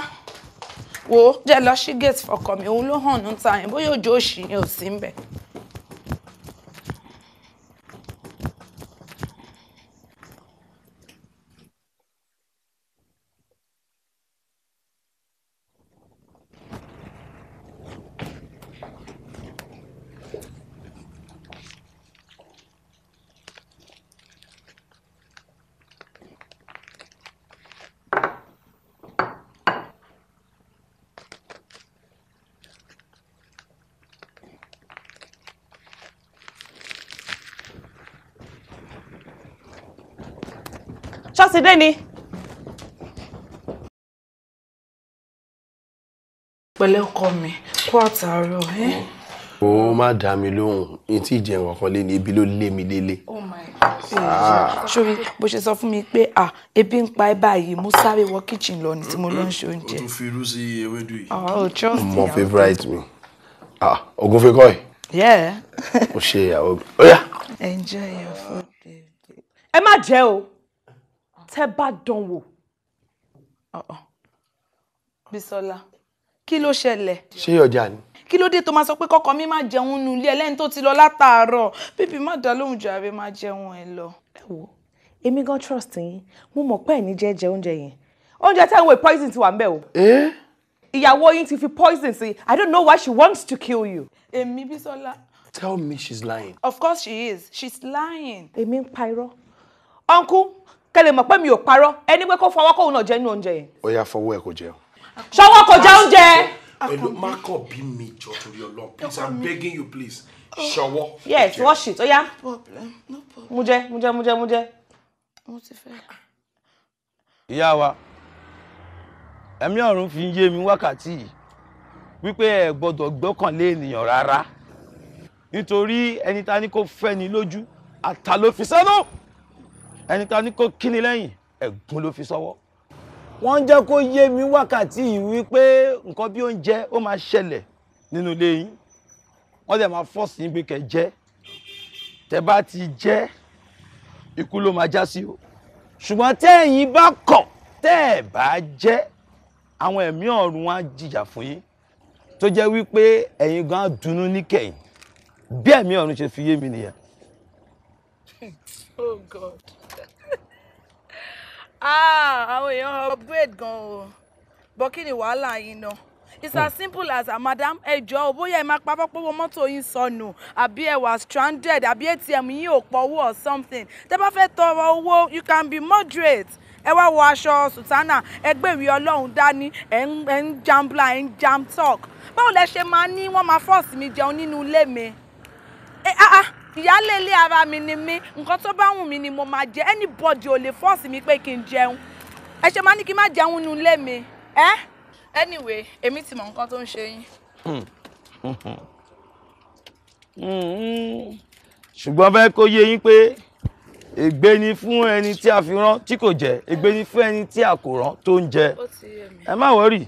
wo jẹ́ lọ sí gate fọkọ mi òun ló hàn ní ta yẹn bóyá òjò ò sí ń bẹ̀. sátidé ni. pẹ̀lẹ́ ọkọ mi kó àtàárọ̀ ẹ́. ó má dá mi lóhùn ní tí ìjẹun ọkàn lé ní ibi ló lé mi lélẹ̀. oh my god ah. ṣòrí bó ṣe sọ fún mi pé à ebi ń pa ẹ báyìí mo sáré wọ kitchen lọ ní tí mo lọ ń ṣe oúnjẹ. o tún fi irú sí ewédú yìí. ọ̀rọ̀ oh, trust mi. mo favourite mi ogun fi kọ́ ẹ̀. yeah. o ṣe ìyàwó mi. enjoy your food baby. ẹ má jẹ́ o tẹ́ bá dánwò. Uh-uh. Bisola kí ló ṣẹlẹ̀. ṣé ọjà ni. kí ló dé tó máa sọ pé kọ́kọ́ mi máa jẹun nu ilé ẹlẹ́ni tó ti lọ látàárọ̀ bíbí má dá lóhùn jàre máa jẹun ẹ lọ. ẹ wo èmi gan trust yín mo mọ̀ pé ẹ̀ní jẹ́ jẹ oúnjẹ yẹn oúnjẹ tí àwọn poison ti wà ń bẹ̀ o. ìyàwó yín ti fi poison sí i don't know why she wants to kill you. èmi Bisola. tell me she's lying. of course she is she's lying. èmi ń pa irọ́ uncle kẹlẹ̀ mọ̀ pé mi ò parọ́ ẹni pé kó fọwọ́ kóun náà jẹ́ inú oúnjẹ yẹn. ó yá fọwọ́ ẹ kò jẹun. ṣọwọ́ kò jẹ oúnjẹ. pẹ̀lú mákọ̀ bí mi jọ torí ọlọ́run please i'm begging you please ṣọwọ́. yes wash it ó yá. mu jẹ mu jẹ mu jẹ mu jẹ. mo ti fẹ́. ìyá wa ẹ̀mí ọ̀run fi ń yé mi wákàtí yìí wípé ẹ gbọ́dọ̀ gbọ́kànlé ènìyàn rárá nítorí ẹni ta ni kò fẹ́ ni lójú àtà ló fi sẹ́nu ẹnìkan ní kó kíni lẹ́yìn ẹ̀gún ló fi sọ́wọ́. wọ́n jẹ́ kó yé mi wákàtí yìí wípé nǹkan bí oúnjẹ ó máa ṣẹlẹ̀ nínú ilé yín wọ́n dẹ̀ máa fọ́ọ̀sì yín pé kẹ́ jẹ́ tẹ́ bá ti jẹ́ ikú ló máa já sí o ṣùgbọ́n tẹ́yìn bá kọ̀ tẹ́ ẹ̀ bá jẹ́ àwọn ẹ̀mí ọ̀run á jìjà fún yín tó jẹ́ wípé ẹ̀yin gan dunú níkẹyìn bí ẹ̀mí ọ̀run ṣe fi yé mi nìyẹn. Oh God. Ah, àwọn èèyàn upgrade gan o bọ́ kí ni wàhálà yín náà it's as simple as a ah, madam ẹjọ́ bóyá ẹ máa papọ̀ pọ́wọ́ mọ́tò yín sọnù àbí ẹ wà stranded àbí atm yín ò pọ̀wọ́ or something tẹ́ bá fẹ́ tọrọ owó you can be moderate ẹ wá wọ aṣọ sùtánà ẹgbẹ́rì ọlọ́run dání ẹ̀ ń ẹ̀ ń jambla ẹ̀ ń jam talk báwo lẹ ṣe máa ní wọ́n máa fọ́ọ̀sì mi jẹun nínú ilé mi. ẹ eh, ah ah ìyáálé ilé ara mi ni mí nǹkan tó bá wùn mí ni mo máa jẹ anybody ò lè fọ́ọ̀sì mi pé kí n jẹun ẹ ṣe máa ní kí n má jẹun nu ilé mi ẹ. anyway èmi ti mọ nǹkan tó ń ṣe yín. ṣùgbọ́n fẹ́ kó yé yín pé ègbé ni fún ẹni tí a fi rán tí kò jẹ ègbé ni fún ẹni tí a kò rán tó ń jẹ ẹ má wọrí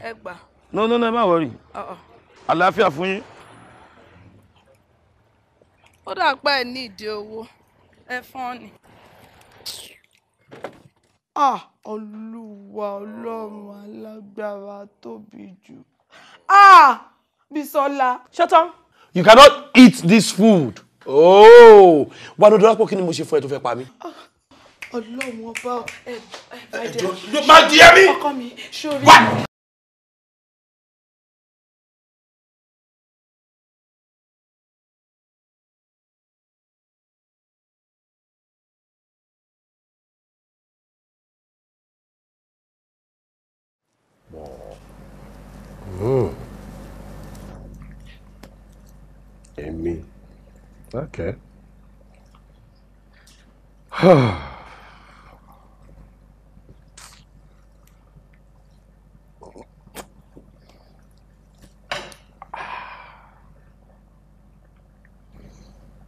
no no no ẹ má wọrí àlàáfíà fún yín ó dà pé ẹ ní ìdí owó ẹ fọ́n ni. ah olúwa ọlọ́run alágbára tóbi jù ah Bisola ṣọtán. you cannot eat this food. oh wà ló dọ́lápọ̀ kí ni mo ṣe fún ẹ tó fẹ́ pa mí. Ah, ọlọ́run ọba ẹ̀ ẹ̀ bá jẹ́ ọkọ mi ṣórí. Okay.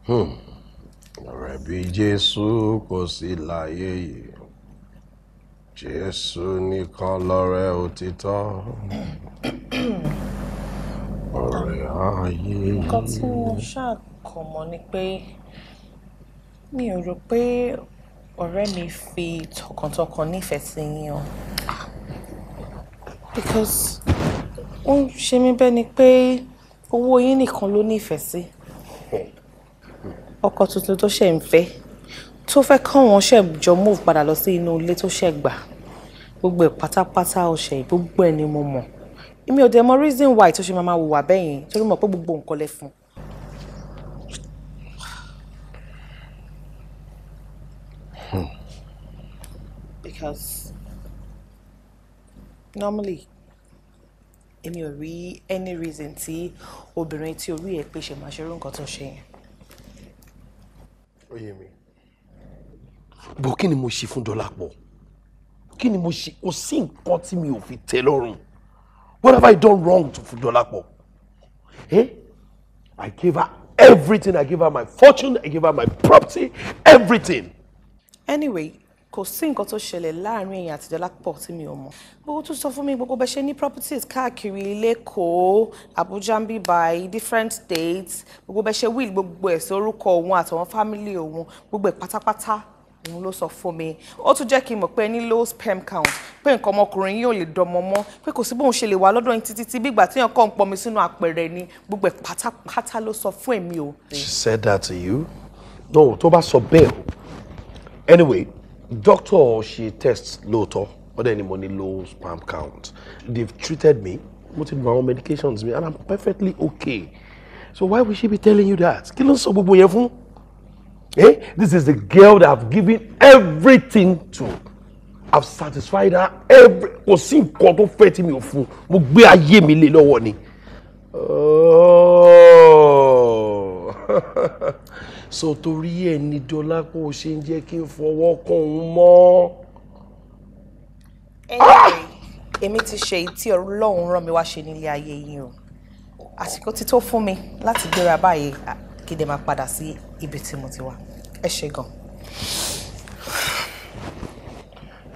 Hmm. Ọ̀rẹ́ bí Jésù kò sí láyé yìí, Jésù nìkan lọ́rẹ́ òtítọ́. Ọ̀rẹ́ ayé yìí. Nǹkan tí mo ṣáà kàn mọ̀ ni pé mi ò rò pé ọ̀rẹ́ mi fi tọkàntọkàn nífẹ̀ẹ́ sí yín o because ó ń ṣe mí bẹ́ẹ̀ ni pé owó yín nìkan ló nífẹ̀ẹ́ sí ọkọ tuntun tó ṣe ń fẹ́ tó fẹ́ kàn wọ́n ṣe jọ move padà lọ sí inú ilé tó ṣe gbà gbogbo ẹ̀ pátápátá ọ̀ṣẹ̀ gbogbo ẹ̀ ni mo mọ̀ èmi ò dẹ̀ mọ̀ reason why tó ṣe máa máa wùwà bẹ́yìn torí mọ̀ pé gbogbo nǹkan lẹ fún because normally èmi ò rí any reason tí obìnrin tí orí ẹ̀ pèsè máa ṣerú nǹkan tó ṣe yẹn. oyè mi bó kí ni mo ṣe fún Dọlápọ̀ kí ni mo ṣe kò sí nǹkan tí mi ò fi tẹ́ lọ́rùn what have I done wrong to fún Dọlápọ̀ eh I gave her everything I gave her my fortune I gave her my property everything. anyway kò sí nǹkan tó ṣẹlẹ̀ láàrin èèyàn àti Dọlápọ̀ tí mi ò mọ̀ gbogbo tó sọ fún mi gbogbo bẹ́ẹ̀ ṣe ní properties káàkiri lẹ́kọ̀ọ́ Abuja ń bí different states gbogbo bẹ́ẹ̀ ṣe will gbogbo ẹ̀ sí orúkọ òun àtàwọn family òun gbogbo ẹ̀ pátápátá òun ló sọ fún mi ó tún jẹ́ kí n mọ̀ pé ní low sperm count pé nǹkan ọmọkùnrin yóò lè dọmọ mọ́ pé kò sí bóun ṣe lè wà lọ́dọ̀ yín títí tí bígbà tí yàn kàn ń pọnmi sínú àpẹẹrẹ ni gbogbo ẹ̀ pátápátá ló sọ fún èmi o. she said that to you no tó bá sọ bẹ́ẹ̀ anyway doctor ṣe test lóòótọ́ ó dẹ̀ ni mo ní low sperm count they've treated me mo ti lo àwọn medications mi and i'm perfectly okay so why would she be telling you that kí ló ń sọ gbogbo yẹn fún eh this is the girl that i've given everything to i've satisfied her every kò sí nǹkan tó fẹ́ tí mi ò fún mo gbé ayé mi lé lọ́wọ́ ni. Uh, sọ torí ẹ̀ ní Dọlápọ̀ ṣe ń jẹ́ kí n fọwọ́ kàn ń mọ́. èmi ti ṣe èyí tí Ọlọ́run rán mi wá ṣe nílé ayé yìí o àsìkò ti tó fún mi láti gbéra báyìí kí máa padà sí ibi tí mo ti wá ẹ ṣe gan.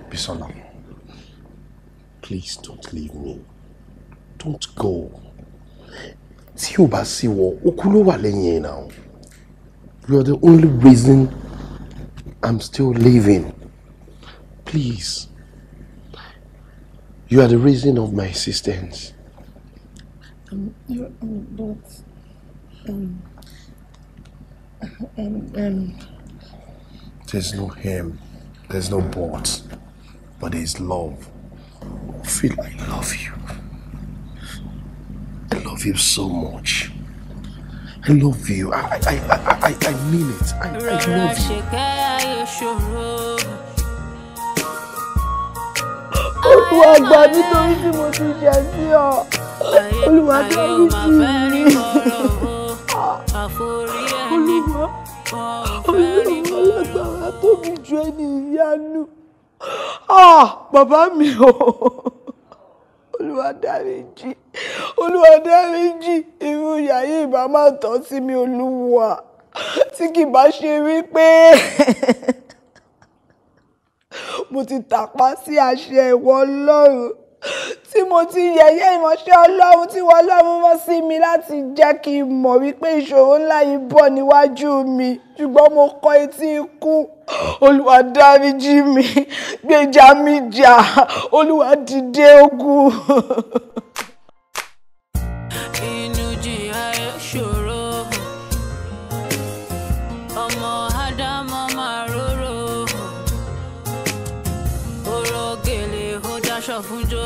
Bisola, please don't leave me. Don't go. Tí o bá sí wọ, okú ló wà lẹ́yìn ẹ̀ náà. You are the only reason I'm still living. Please. You are the reason of my existence. Um, you, um, but, um, um, um, um. There's no him. There's no but. But there's love. I feel I love you. I love you so much. I love you. I I I I, I mean it. I, I love you. Olúwa gbà nítorí tí mo ti ṣẹ̀ sí ọ. Olúwa dárí jì mí. Olúwa Olúwa lágbára tóbi ju ẹni ìyanu. Ah! Bàbá mi o olúwa dáríjì olúwa dáríjì irú yàyí ìbá máa tọ́ sí mi olúwa tí kì bá ṣe wípé mo ti tàpá sí àṣẹ ìwọ ọlọ́run tí mo ti yẹ̀yẹ́ ìmọ̀ṣẹ́ ọlọ́run tí wọ́n ọlọ́run mọ́ sí mi láti jẹ́ kí n mọ̀ wípé ìṣòro ńlá yìí bọ̀ níwájú mi ṣùgbọ́n mo kọ etí ikú olúwa dáríjì mi gbèjà mi jà olúwa dìde ogun. fúnjó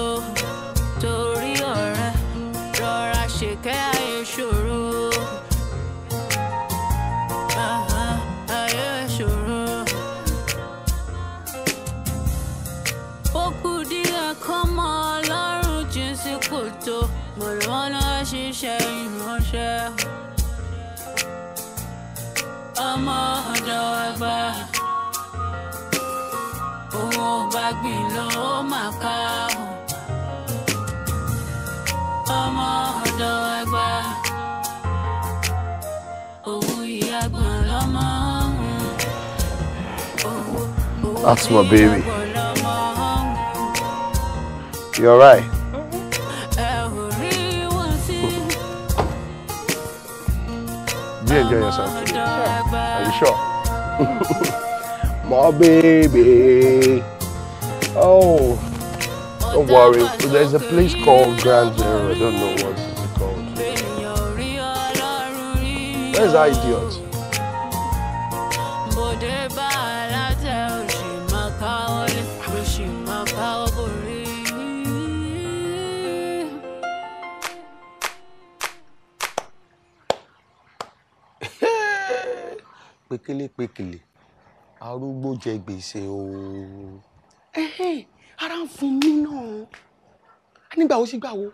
torí ọ̀rẹ́ rọra ṣèkẹ́ ayé ṣòro. ayé ṣòro. ó kù díẹ̀ kọ́ mọ́ ọlọ́run jìn sí kòtò mọ̀lọ́nà ṣiṣẹ́ ìránṣẹ́. ọmọ ọ̀dọ̀ àgbà òun ò bá gbìn lọ́wọ́ ọmọ ọ̀dọ̀ àgbà òun ìyá gbọ̀n lọ́mọ ọ̀hún. That's my baby. You alright? Do you enjoy yourself? Are you sure? my baby. Oh. Don't worry. There's a place called Grand Zero. I don't know what it's called. Where's that idiot? pékélépékélé arúgbó jẹ gbèsè ooo ara ń fún mi náà nígbà wo sí gbà wo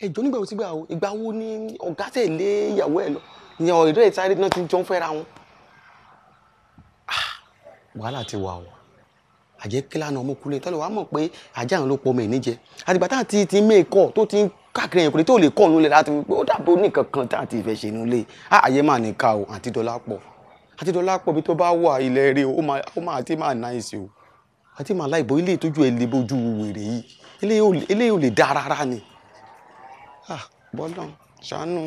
ẹjọ nígbà wo sí gbà wo ìgbà wo ni ọ̀gá tẹ̀lé ìyàwó ẹ̀ lọ ìyàn ọ̀rẹ́ ẹ̀ sáré náà ti jọ ń fẹ́ra wọn. Ah, wàhálà ti wà o àjẹ́ kílá náà ọmọkùnrin tọ́lẹ̀ wàá mọ̀ pé àjẹ́ àwọn ló pọ̀ ọmọ ẹ̀ níjẹ àtìgbà tá à ti ti mẹ́ẹ̀kọ́ tó ti ń káàkiri ẹ̀yìn kùnrin tó lè kọ́ ọ̀nù lẹ̀ láti pé ó dàbí oníkan kan tá à ti fẹ́ ṣe nílé àyè ah, máa ní ká o àti dọ́là pọ̀ àti dọ́là pọ̀ bí tó bá wà ilẹ̀ rẹ̀ ó máa ti máa náà ṣe o àti màlá ìbò ilé ìtọ́jú ẹ̀ lè bójú wèrè yìí eléyìí ò lè dá rárá ni ah, bọ́lá ṣàánú.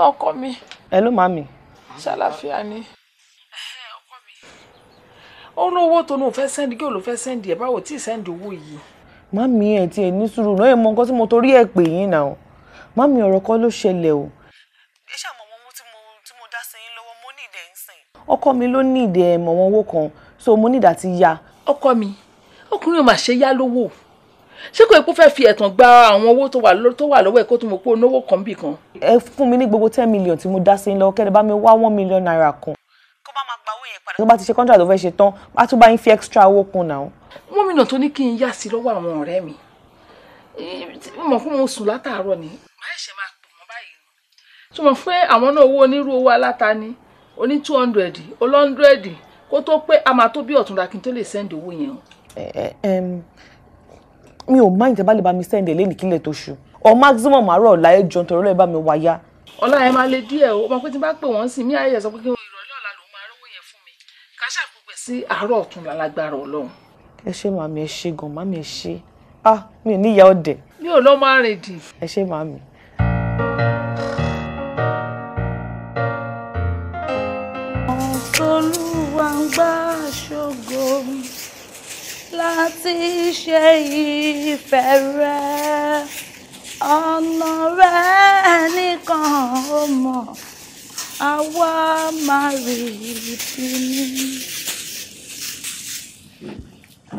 hello ọkọ mi. hello màmí. ṣàlàfíà ni. ọkọ mi. ó ní owó tó ní òun fẹ́ sẹ́ndì kí òun fẹ́ sẹ́ndì ẹ̀ báwo tí ì sẹ́ndì owó yìí. màmí ẹ tiẹ̀ ní sùúrù náà ẹ mọ nǹkan tí mo torí ẹ pè yín náà màmí ọ̀rọ̀ kan ló ṣẹlẹ̀ o. ẹ ṣàmọ̀ ọmọ owó tí mo tí mo dá sí yín lọ́wọ́ mo ní ìdẹ́ ń sìn. ọkọ mi ló ní ìdẹ́ mọ̀mọ́ owó kan so mo ní ìdá ti ya. ọkọ mi ọkùnrin ò mà ṣe yá lówó ṣé kò epo fẹ́ẹ́ fi ẹ̀tàn gba àwọn owó tó wà lọ́wọ́ ẹ̀ kó tó mọ̀ pé onówó kan bì kan. ẹ fún mi ní gbogbo ten million tí mo dá sí lọ kẹ́ni bá mi wá one million naira kan. kó bá máa gba owó yẹn padà. tó bá ti ṣe contract tó fẹ́ ṣe tán á tún bá yín fi extra owó kún náà. one million tó ní kí n yá sí lọ́wọ́ àwọn ọ̀rẹ́ mi mọ̀ fún mo sùn látàárọ̀ ni. máa ṣe máa pò mọ́ báyìí. tó mọ̀ pé àwọn náà owó two hundred olóńdúrẹ́dì kó tó pé a máa tó bí ọ̀túnla mi ò máa ìtẹ́ bá lè bá mi sẹ́ndẹ̀ lé nìkílẹ̀ tó ṣù ọ maximum àárọ̀ ọ̀la ẹ̀ jọun tọ̀rọ̀ ẹ̀ bá mi wáyá. ọ̀la yẹn máa le díẹ̀ o ọmọ pé tí n bá pè wọ́n sí mi ayé sọ pé kí wọ́n ìrọ̀lẹ́ ọ̀la lòún máa rówó yẹn fún mi ká ṣàgbọ̀gbẹ̀ sí àárọ̀ ọ̀tún lálágbára ọlọ́run. ẹ ṣé màmí ẹ ṣé gan màmí ẹ ṣé ah mi ò ní ìyá ọdẹ. mi ò lọ máa rìn dì. ẹ ṣé màmí. ọ̀tọ̀lúwa láti ṣe ìfẹ́ rẹ ọ̀nà rẹ ẹnìkan ò mọ̀ àwa máa rí ìbínú.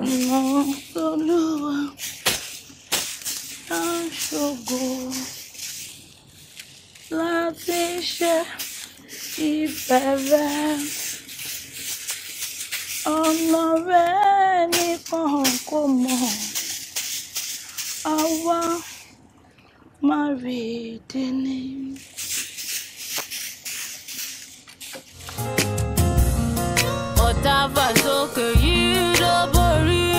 ìmọ̀ olúwa á ṣògo láti ṣe ìfẹ́ rẹ ọ̀nà rẹ̀ nìkan kò mọ̀ àwa máa rí dínní. ọ̀tá fàsókè yìí ló borí.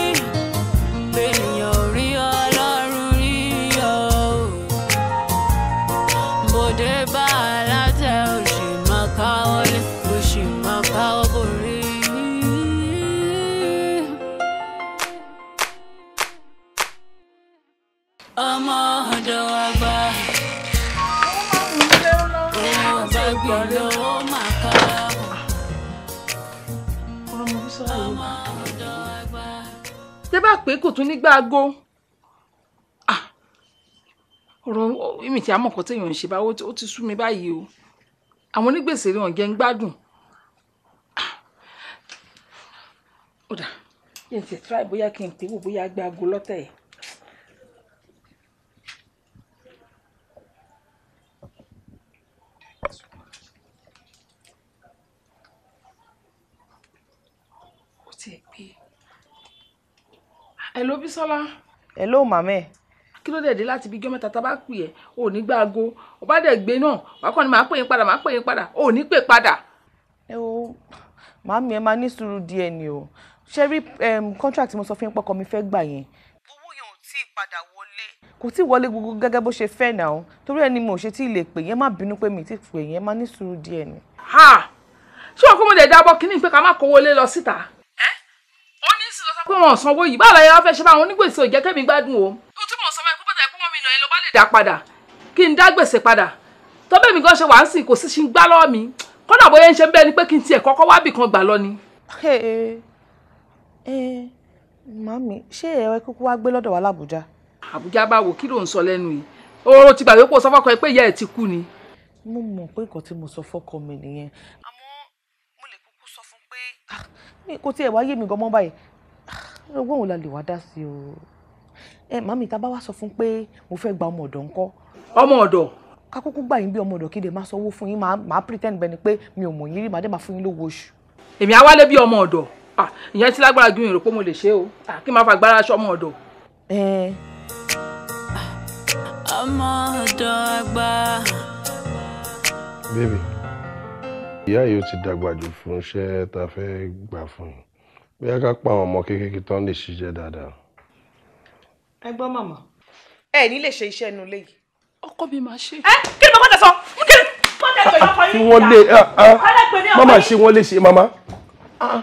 bá pé kò tún ní gbáago ah, ọ̀rọ̀ èmi tí a mọ̀ kọ́ téèyàn ń ṣe báwo ó ti sú mi báyìí o àwọn onígbèsè rí wọn ń gbádùn ah, ó dà kí ti try bóyá kí n pè wò bóyá gbáago lọ́tẹ̀ yìí. Hello Bísọ́lá. Hello màmẹ́. kí ló dẹ̀ dé láti ibi jọ́mẹ́ta tá a bá pè ẹ́ ò ní gbá aago ò bá dẹ̀ gbé náà wàá kàn ní màá pè yín padà màá pè yín padà ò ní pè padà. ẹ o màmí ẹ máa ní sùúrù díẹ̀ ni o ṣe rí contract mo sọ fún yín pọkàn mi fẹ́ gbà yẹn. owó yẹn ò tí ì padà wọlé. kò tí ì wọlé gbogbo gẹ́gẹ́ bó ṣe fẹ́ náà torí ẹni mo ṣe tí ì lè pè yẹn má bínú pé mi ti pè yẹn má ní sùúrù díẹ̀ ni. ṣé ọkùnrin mo dẹ̀ dábọ̀ kínní pé ká má kówó lé lọ síta pé wọn ò sanwó yìí báwo la yẹn wá fẹ́ ṣe báwọn onígbèsè ò jẹ́ kẹ́mi gbádùn o. o tí mò ń sọ báyìí kó bàtà ìpínwọ́n mi lọ́yìn ló bá lè dá padà kí n dá gbèsè padà tọ́bẹ̀ mi gan ṣe wà ń sìn kò sí ṣe ń gbá lọ́wọ́ mi kọ́nà bóyá ń ṣe ń bẹ́ẹ̀ ni pé kí n tiẹ̀ kọ́kọ́ wábì kan gbà lọ ni. Eh, màmí ṣé ẹ̀rọ kúkú wá gbé lọ́dọ̀ wa làbújá. àbújá báwo kí ló ń sọ lẹ́nu yìí oorun ti gbàgbé pò sọ fọ́kọ ẹ pé ìyá ẹ ti kú ni. mo tí mo sọ ah, mi gan mọ́ báyìí ọgbọ́n wo la lè wá dá sí o ẹ màmí ta bá wá sọ fún pé mo fẹ́ gba ọmọ ọ̀dọ̀ ńkọ́. ọmọ ọ̀dọ̀. kákókó gbà yín bí ọmọ ọ̀dọ̀ kéde máa sanwó fún yín máa pretend bẹ́ẹ̀ ni pé mi ò mọ̀ yín rí màá dẹ́ máa fún yín lówó oṣù. èmi á wálé bí ọmọ ọ̀dọ̀ ìyẹn ti lágbára ju ìrò pé mo lè ṣe o kí n máa fa agbára aṣọ ọmọ ọ̀dọ̀. ọmọ ọ̀dọ̀ àgbà. bébì ìyá yìí ti dàgbà jù fún iṣẹ́ tá a fẹ́ gbà fún yín bóyá ká pa àwọn ọmọ kéékèèké tán lè ṣiṣẹ́ dáadáa. ẹ gbọ́ màmá ẹ ní lè ṣe iṣẹ́ inú ilé yìí. ọkọ mi máa ṣe. ẹ kí ni mo kọ́tà sọ kí ni kọ́tà ìpè ọkọ yìí. kí wọ́n lè mama ṣe ah, ah. wọ́n lè ṣe mama. Ah,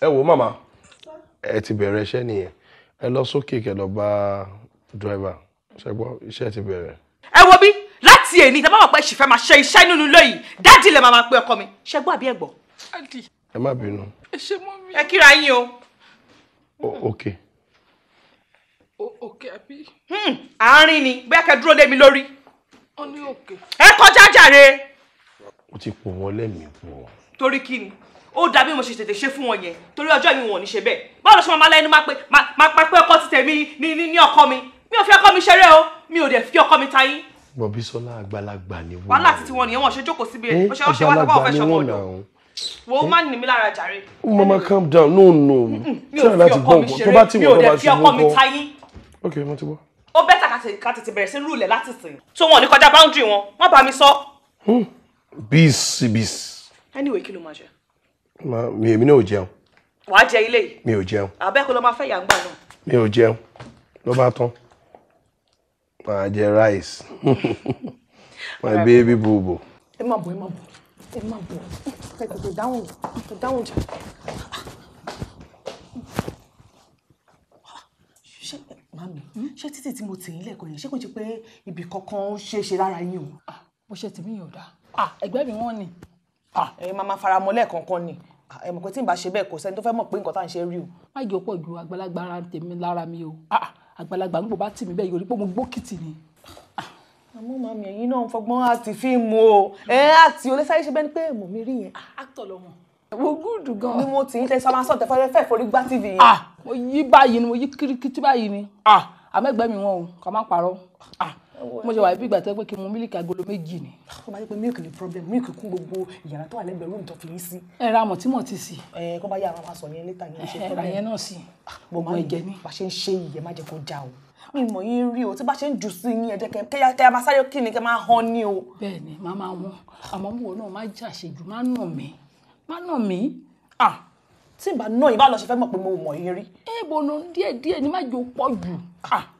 ẹ wo mama ẹ ti bẹ̀rẹ̀ iṣẹ́ nìyẹn ẹ lọ sókè kẹ lọ bá dírẹ́bà ṣẹgbọ́ iṣẹ́ ti bẹ̀rẹ̀. ẹ wo bí láti èyí ni ìtàn bá wà pé ṣì fẹ́ máa ṣe iṣẹ́ nínú ilé yìí dáàdì lè máa máa ọkọ mi ṣẹgbọ́ àbí ẹ̀gbọ́n. Adi. Ẹ má bínú. Ẹ ṣe mọ́ mi. Ẹ kíra yín o. Ok. Ok àbí. Hmm, àárín ni bóyá kẹ dúró lé mi lórí. Ó ní òkè. Ẹ kọjá jàre. Ó ti pò wọ́n lẹ́mìí pò. Torí kí ni? Ó dàbí mo ṣe tètè ṣe fún wọn yẹn torí ọjọ́ mi wọn ò ní ṣe bẹ́ẹ̀. Báwo ló ṣe máa lẹ́nu máa pe máa pa pé ọkọ ti tèmi ní ní ọkọ mi? Mi ò fi ọkọ mi ṣeré o, mi ò dẹ̀ fi ọkọ mi ta yín. Bọ̀bí àgbàlagbà ni wọ́n. Wàhálà titi wọn nìyẹn wọn ṣe jókòó síbi ẹ̀ ọṣẹ wọn ṣe wá tọ́pọ̀ ọ̀fẹ́ ṣọmọ ọ̀dọ̀ wo hmm? má ní mi lára jàre. Hmm, mama calm down no no hmm, tẹ́lẹ̀ láti gbọ́ ọ̀gbọ́n tó bá ti wọ̀ tó bá ti wọ̀ kọ́ ok mo ti bọ́. ó bẹ́tà ká tètè bẹ̀rẹ̀ sí rúlẹ̀ láti sìn tó wọn ò ní kọjá báńdìrì wọn má bá mi sọ. bíìsì bíìsì. anyway kí ló máa jẹ. mi èmi náà ò jẹun. wà á jẹ ilé yìí. mi ò jẹun. àbẹ́kọ̀ ló máa fẹ́ yàgbà náà. mi ò jẹun ló bá tán máa jẹ rice my baby bùbù. ẹ má bọ̀ ẹ má bọ̀ ẹ má bọ̀ ẹ tètè dáhùn tètè dáhùn jà. ṣé màmí ṣé títí tí mo tì yín lẹ́ẹ̀kan yẹn ṣé kò jẹ́ pé ibì kankan ó ṣeé ṣe lára yín o. Ah, bó ṣe tèmi yàn dá ah, ẹgbẹ́ mi wọ́n ni. Ah, ẹ máa ma fara mọ́ lẹ́ẹ̀kọ̀ọ̀kan ni ẹ mọ̀ pé tí n bá ṣe bẹ́ẹ̀ kò sẹ́ni tó fẹ́ mọ̀ pé nǹkan tá à ń ṣe rí o. má jẹ́ pọ̀ ju àgbàlagbà ara tèmi lára mi o àgbàlagbà ń gbọ́ bá tì mí bẹ́ẹ̀ yọrí pé mo gbókìtì ni àmọ́ màmí ẹ̀yin náà ń fọgbọ́n àti fíìmù o ẹ àti olóṣèlú ṣe bẹ́ẹ̀ ni pé èmọ̀ mi rí yẹn ah, actor lọ́mọ wo gúdù gan. ni mo ti ń tẹ sọ máa sọ tẹ fẹrẹ fẹ forí gbá tv yẹn. Ah, mo yí báyìí ni mo yí kirikiti báyìí ni ah, àmẹ́gbẹ́ mi wọn o kà má parọ́ mo ṣe wà bí ìgbà tó yẹ pé kí n mu mílíkì agolo méjì ni. ó máa yẹ pé mílíkì ni problem mílíkì kún gbogbo ìyàrá tó wà lẹ́gbẹ̀ẹ́ lóòótọ́ tó fi yín sí. ẹ ra mọ̀tímọ̀tì sí. ẹ kó bá yára wa sọ yẹn létà ní. ẹ ra yẹn náà sí. gbogbo ẹ̀jẹ̀ ni. bá ṣe ń ṣe yìí ẹ má jẹ́ kó já o mi mọ̀ yín rí o tí bá ṣe ń jù sí yín ẹ̀jẹ̀ kẹ́yà kẹ́yà máa sáré kí ni kẹ́ máa hàn ní o. bẹ́ẹ̀ni màmá wọn àmọ́ wọn náà má jà ṣèjú má nà mí má nà mí. ah tí n bá ná yín bá lọ ṣe fẹ́ mọ̀ pé mo mọ̀ yín rí. ẹ bọ̀nà díẹ̀ díẹ̀ ní má jò pọ̀ jù.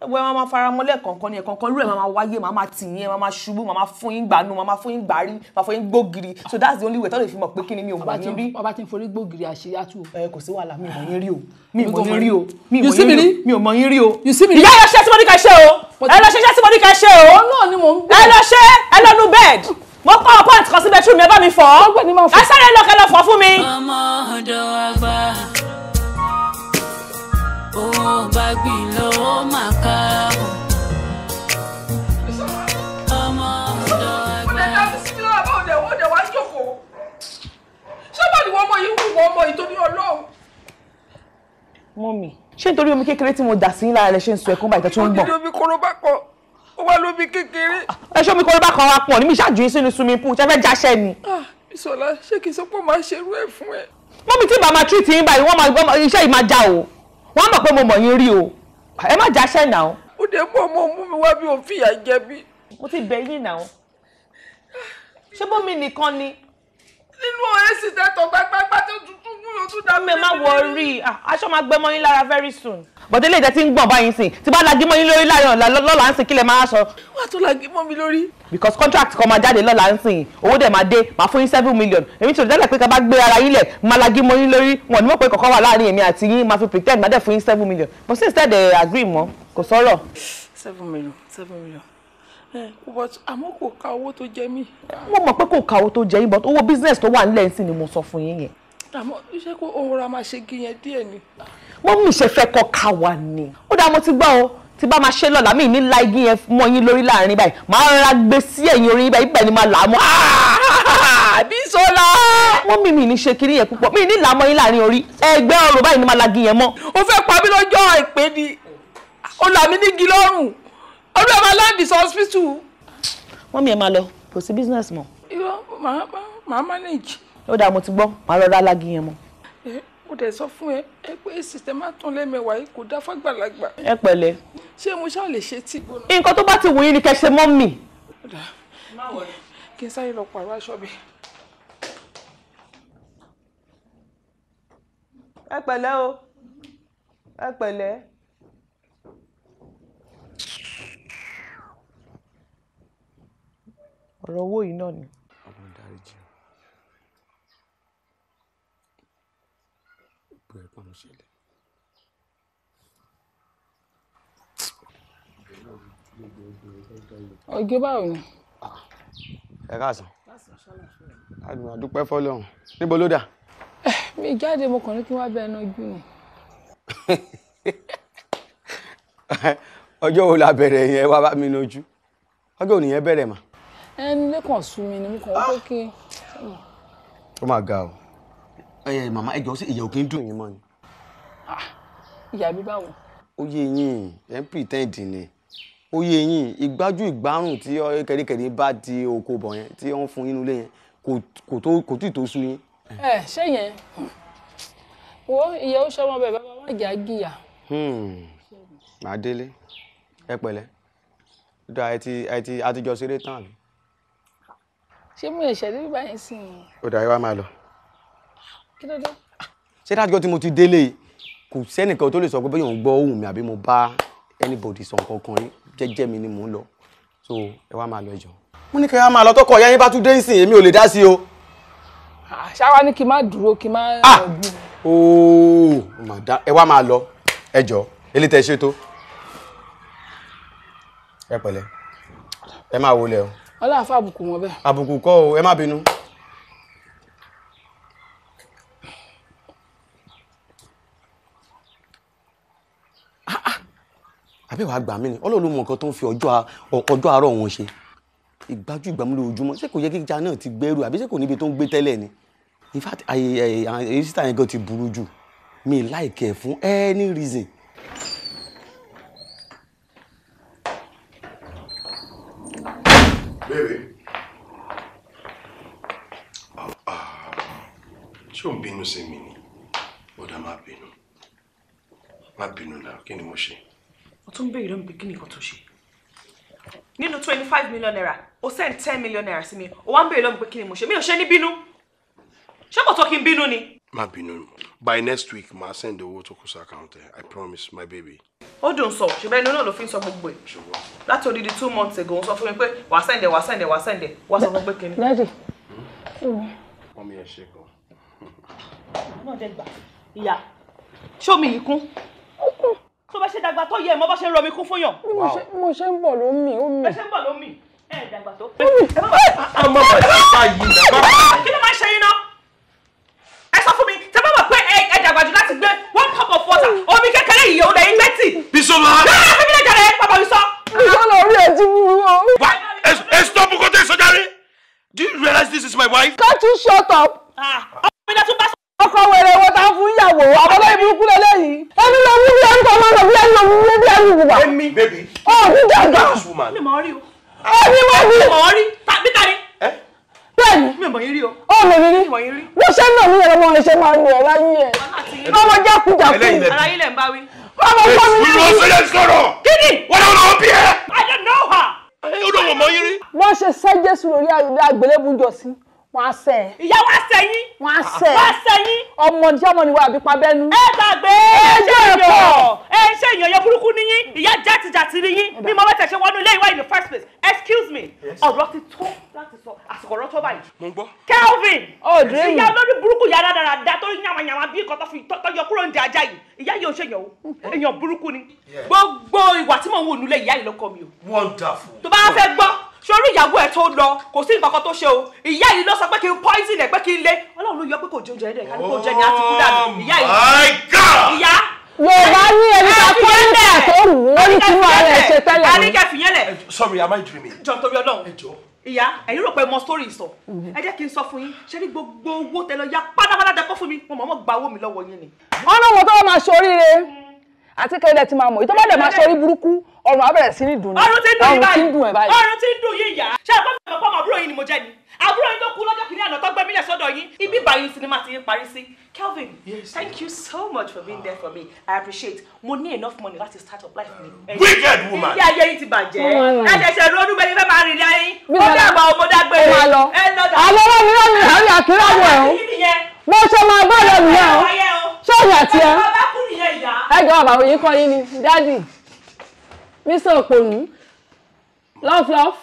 ẹwẹ́ máa ma fara mọ́ lẹ́ẹ̀kọ̀ọ̀kan ni ẹ̀kọ̀ọ̀kan lórí ẹ̀ máa ma wáyé máa ma tì yín ẹ̀ máa ma ṣubú máa ma fún yín gbanú máa ma fún yín gbárí máa fún yín gbógiri so that's the only way tọ́lẹ̀ fi mọ̀ pé kí ni mi ò mọ̀ yín rí. bàbá ti ń forí gbógiri àṣírí àtú. ẹ kò sí wàhálà mi ò mọ̀ yín rí o mi ò mọ̀ yín rí o mi ò mọ̀ yín rí o. ìyá ẹ lọ ṣe é tí mo ní ká ṣe o ẹ lọ ṣe é tí mo ní ká ṣe o ẹ lọ ṣe ẹ lọ nu bẹ́ẹ̀d mo kọ́ pọ́ǹtì kan sí bẹ́tírù mi ẹ bá mi fọ́ ẹ sáré lọ́kẹ́ lọ fọ́ fún mi. ọmọ ọ̀dọ̀ àgbà owó bá gbìn lọ́wọ́ máa ká ọmọ ọ̀dọ̀ àgbà. ẹ fi síbi lọ́wọ́ àbá òde òde wá jókòó ṣọ́bà ni wọ́n mọ yìí wù wọ́n mọ ìtòní ọlọ́run. mọ́mì ṣé nítorí omi kékeré tí mo dà sí yín lára rẹ̀ ṣe ń sọ ẹ̀kún báyìí tó ń gbọ̀n. ó ti di omi kóró bá pọ̀ ó wá lóbi kékeré. ẹ ṣó mi kó ló bá kan wá pọ̀ ní mi ṣáàjú yín sínú swimming pool ṣe fẹ́ jáṣẹ́ ni. Ah, Bísọ́lá ṣé kí n sọ pé màá ṣe irú ẹ̀ fún ẹ. mọ́mí tí bàá máa treat yín báyìí wọ́n máa gbọ́ iṣẹ́ yìí máa já o wọ́n mọ̀ pé mo mọ̀ yín rí o ẹ má jáṣẹ́ nà o. ó dé mú ọmọ mú mi wá bí òun fìyà jẹ bí. mo ti bẹ̀ yín nà ṣé bómi nìkan ni nínú èsì tẹ́tọ̀ e gbágbágbá tó tutù mú yóò tún dá mi. má wọrí aṣọ máa gbẹ mọ́yín lára very soon. bọ̀dé lè jẹ́ tí ń gbọ̀n báyìí sìn tí bá lagi mọ́yín lórí láàrin lọ́la ń sìn kílẹ̀ máa sọ. wàá tún lagi mọ́ mi lórí. because contract kan máa jáde lọ́la ń sìn owó dẹ̀ máa dé máa fún yín seven million èmi tòlù dálẹ̀ pé ká bá gbé ara yín lẹ̀ máa lagi mọ́yín lórí wọn ni mo pé kọ̀kọ́ wà láàrin èmi àti yín máa fi pretend máa dẹ̀ fún yín seven million but since tẹ́ dẹ̀ eh, agree mọ́ kò sọ̀rọ̀. seven million seven million but àmọ́ kò ka owó tó jẹ mí. mo mọ̀ pé kò ka owó tó jẹ yín but owó business tó wà nílẹ̀ sí ni mo sọ fún yín yẹn. àmọ́ iṣẹ́ kó ohun ra máa ṣe gí yẹn díẹ̀ ni. wọ́n mú ìṣẹ́fẹ́ kọ́ ka wà ní. ó dáa mo ti gbọ́ o tí bá máa ṣe lọ́la mi ní la igi yẹn mọ́ yín lórí láàrin báyìí máa rọra gbé sí ẹ̀yìn orí báyìí bẹ́ẹ̀ ni máa là á mọ́ ah! Bísọ́lá. wọ́n mi mi ní ṣe kiri yẹn púpọ̀ mi ní làámọ́ yín láàrin orí ẹgbẹ́ ọ̀rọ̀ báyìí ni máa la igi yẹn mọ́. o fẹ́ pa mí lọ́jọ́ àìpé ni o là mí nígi lọ́rùn olú ẹ máa láǹdì sọ hospital. wọ́n mi ẹ̀ máa lọ kò sí business mọ́. irọ́ màá màá manage. ó dáa mo ti gbọ́ màá lọ rá alági yẹn mọ́. ẹ mo tẹ̀ sọ fún ẹ ẹ pé systematon lẹ́mẹ̀wá yìí kò dá fàgbàlagbà. ẹ pẹ̀lẹ́. ṣé mo ṣáà lè ṣe tí. nǹkan tó bá ti wù yín ni kẹ́ ṣe mọ́ mi. kí n sáré lọ pààrọ̀ aṣọ mi. ẹ pẹ̀lẹ́ o ẹ pẹ̀lẹ́. ọ̀rọ̀ owó yìí náà ni. ọlọ́run dáríjì gbogbo ẹ̀ pọ́n ṣẹlẹ̀. ọjọ́ báwo ni. ẹ káàsán adùn àdúpẹ́ fọlọ́run níbo ló dà. Eh, mi jáde mo kàn ní kí wọ́n bẹ ẹnu ojú mi. ọjọ́ wo la bẹ̀rẹ̀ yẹn wá bá mi lójú ọjọ́ òní yẹn bẹ̀rẹ̀ mà ẹni lẹ́kàn sú mi ni mo kàn wọ́n pé kí. ó máa ga o. ẹ màmá ẹ jọ sí ìyẹ̀wò kí n dùn yín mọ́ ni. Ah, ìyá mi báwo. ó yé yín ẹ ń pretend ni ó yé yín ìgbájú ìgbárùn tí kẹ̀ríkẹ̀rí bá di oko bọ̀ yẹn tí wọ́n fún yín nulẹ̀ yẹn kò tó kò tí ì tó sú yín. ẹ ṣé yẹn wo ìyá ó ṣọmọ bẹ́ẹ̀ bàbá má jà gíyà. màá hmm, délé ẹ pẹ̀lẹ́ ó dáa ẹ ti ẹ àtijọ́ ṣeré tán àbí ṣé mo ẹ̀ṣẹ̀ débi báyìí sí i. ó dàá wá máa lọ. kí ló dé. ṣé dájú tí mo ti délé kò sẹ́nìkan tó lè sọ pé bóyá òun gbọ́ ohùn mi àbí mo bá anybody sọ nǹkan kan rí jẹ́jẹ́ mi ni mò ń lọ so ẹ wá máa lọ ẹjọ́. mo ní kí ẹ wá máa lọ tọkọ ìyá yín bá tún dé ìsìn èmi ò lè dá sí o. Ah, ṣáwa ní kí n má dúró kí n má. Ah! ooo ẹ wá máa lọ ẹjọ́ ilé tẹ ṣètò ẹ pẹ̀lẹ́ ẹ máa wọlé o ọlọ́run fún àbùkù wọn bẹ́ẹ̀. àbùkù kọ́ ẹ má bínú. Ah, ah. àbí wàá gbà mí ni ọlọ́run mọ tó ń fi ọjọ́ àárọ̀ wọn ṣe ìgbájú ìgbàmúlò ojúmọ́ ṣé kò yẹ kíjà náà ti gbẹ́rù àbí ṣé kò níbi tó ń gbé tẹ́lẹ̀ ni in fact àyè àyè àyè sísítà yẹn gan ti burú jù mi láìkẹ́ fún any reason bínú sí mi ni bọ́dà má bínú má bínú náà kí ni mo ṣe. o tún béèrè lọ́mọ pé kí ni nǹkan tó ṣe nínú twenty five million naira o send ten million naira sí mi o wá ń béèrè lọ́mọ pé kí ni mo ṣe mi ò ṣe ní bínú ṣé kò tó kí n bínú ni. má bínú by next week màá send owó tó kù sí account ẹ i promise my baby. ó dùn sọ ṣùgbọ́n ẹni náà ló fi ń sọ gbogbo ẹ̀ láti odidi two months ago ń sọ fún mi pé wà á sẹ́ndẹ̀ wà á sẹ́ndẹ̀ wà á sẹ́ndẹ̀ wà á sọ fún mi pé kíni. dájú. mọ́mí ẹ ṣe kọ́ àwọn náà dẹ̀ gbà ìyá ṣómi yìí kún tó bá ṣe dàgbà tó yẹ mọ bá ṣe rọmi kún fún yàn. mo ṣe ń bọ̀ ló ń mì ó mì. ẹ ṣe ń bọ̀ ló ń mì ẹ dàgbà tó pé. ọmọ bàjẹ́ báyìí náà. kí ló máa ń ṣe yín náà ẹ sọ fún mi tẹ bá wà pé ẹ dàgbà jù láti gbé one cup of water omi kékeré yìí òun lẹ́yìn mẹ́tì. bisola. bẹ́ẹ̀ fẹ́mi lè jẹrẹ bàbá mi sọ. bisola orí ẹ ti wúru o. wa ẹ stop kó tẹ sọjá rí do you realize this is my wife. can't you shut up. Ah ọmọ wẹrẹ wọn tá fún ìyàwó àbọ̀bọ̀ ìbúrúkú lẹ́lẹ́yìí. ẹni lọ wí bí ẹni kọ́ máa lọ bí ẹni lọ wí bí ẹni wùwà. èmi bèbí. ọ ní dàgbà. mi mọ̀ rí o. ẹni wọ́n rí. mi mọ̀ rí tàbí tàbí. bẹ́ẹ̀ni. mi mọ̀ yín rí o. ọ mi rí rí. bó ṣe ń nà mí ẹ̀rọ mọ́ ẹ ṣe máa ń nà ẹ̀ láyé ẹ̀. ọmọ jákujàku. ara yín lẹ̀ ń bá wí. ọmọ kọ́ mi lẹ́yìn. èsì ló ṣe wọ́n á sẹ́ ẹ̀. ìyá wa sẹ́ yín. wọ́n á sẹ́ ẹ̀. wọ́n á sẹ́ yín. ọmọ jẹ́mọ̀ ni wà á bí pa bẹ́nu. ẹ gbàgbé ẹ ṣe èèyàn ẹ ṣe èèyàn yọ burúkú níyín ìyá jàtìjàtì níyín ní mo mẹ́tẹ̀ ṣe wọnú ilé ìwà in the first place excuse me ọ̀rọ̀ ti tó láti sọ àsìkò ọ̀rọ̀ tó báyìí. mo gbọ́. Kelvin oh, ìyá olórí burúkú yàrá dáradára tó yàmàyàmà bí nǹkan tó yọ kúrò ní ajá yìí ìyá yìí ò ṣe èèyàn ni gbogbo ìwà tí mò ń wò nílé ìyá wonderful. tó bá sórí ìyàwó ẹ̀ tó lọ kò sí nǹkan kan tó ṣe o ìyá yìí ló sọ pé kí n poison ẹ̀ pé kí n lé ọlọ́run ló yọ pé kò jẹ oúnjẹ rẹ̀ kálí kò jẹ ní àtìkú dànù oh ìyá yìí ìyá. yorùbá ní ẹni tó kọ́ nígbà tó rù ú lórí tí wọ́n rẹ̀ ṣe tẹ́lẹ̀ ní. àníkẹ́ fìyẹn lẹ̀. Eh, sorry am I dreaming. jọ torí ọlọ́run ìyá ẹ̀yin rò pé mo story sọ mhm. ẹ jẹ́ kí n sọ fún yín ṣé ní gbogbo owó tẹ lọ ya pátápátá dẹkọ́ fún mi mo mọ̀ mọ́ gba owó mi lọ́wọ́ yín ni. ọlọ́wọ́ tó máa ṣoríire àti kẹlẹ ti máa mọ̀ ìtọ́ bá dẹ̀ máa sọ burúkú ọrùn abẹ́rẹ́ sí ní dùn ní ọrùn tí ń dùn ẹ̀ báyìí. ọrùn tí ń dùn yìí yá ṣé àpá mi àpapọ̀ àbúrò yìí ni mo jẹ́ ni àbúrò yìí tó kú lọ́jọ́ kìíní àná tó gbé mílẹ̀ sọ́dọ̀ yín ibi báyìí sinimá ti parí sí. Kelvin yes. thank you so much for being there for me I appreciate mo ní enough money láti start up life mi. wicked woman. ilé ayé yìí ti bàjẹ́ ẹ ṣẹ̀ṣẹ̀ ru ọdún mẹ́rin fẹ́ máa rìn lẹ́yìn ó dàgbà ọmọdé agbèrè ẹ lọ. àlọ́ wọn ni wọ́n mi ẹgbẹ́ àbàwò yìí kọ́ yín ni dádì Mr. òpònú lọ́flọ́f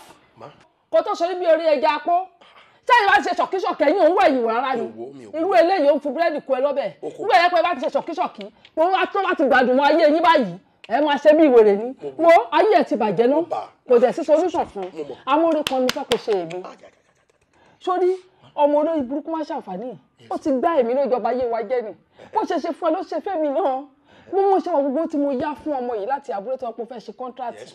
kó tó ṣe níbi orí ẹja apó táyì bá ti ṣe ṣọ̀kíṣọ̀kí ẹ̀yìn òun wẹ̀ yìí wọ̀ rárá ni irú eléyìí ó fi búrẹ́dì kó ẹ lọ́bẹ̀ irú ẹ̀yẹ́ pé bá ti ṣe ṣọ̀kíṣọ̀kí mo wá tó láti gbádùn mọ́ ayé yín báyìí ẹ máa ṣe bí ìwèrè ni wo ayé ẹ ti bàjẹ́ náà kò dẹ̀ sí solution fún amórí kan mi fẹ́ kó ṣe èmi sórí ọmọ olóyìn burúkú má ṣàǹfààní yìí ó ti gbá èmi ló jọba yé wa jẹ́ ni bó ṣe ṣe fún ẹ ló ṣe fẹ́ mi náà mo mú ṣe wà gbogbo tí mo yá fún ọmọ yìí láti àbúrò tí wọn kò fẹ́ ṣe kọ́ńtrátì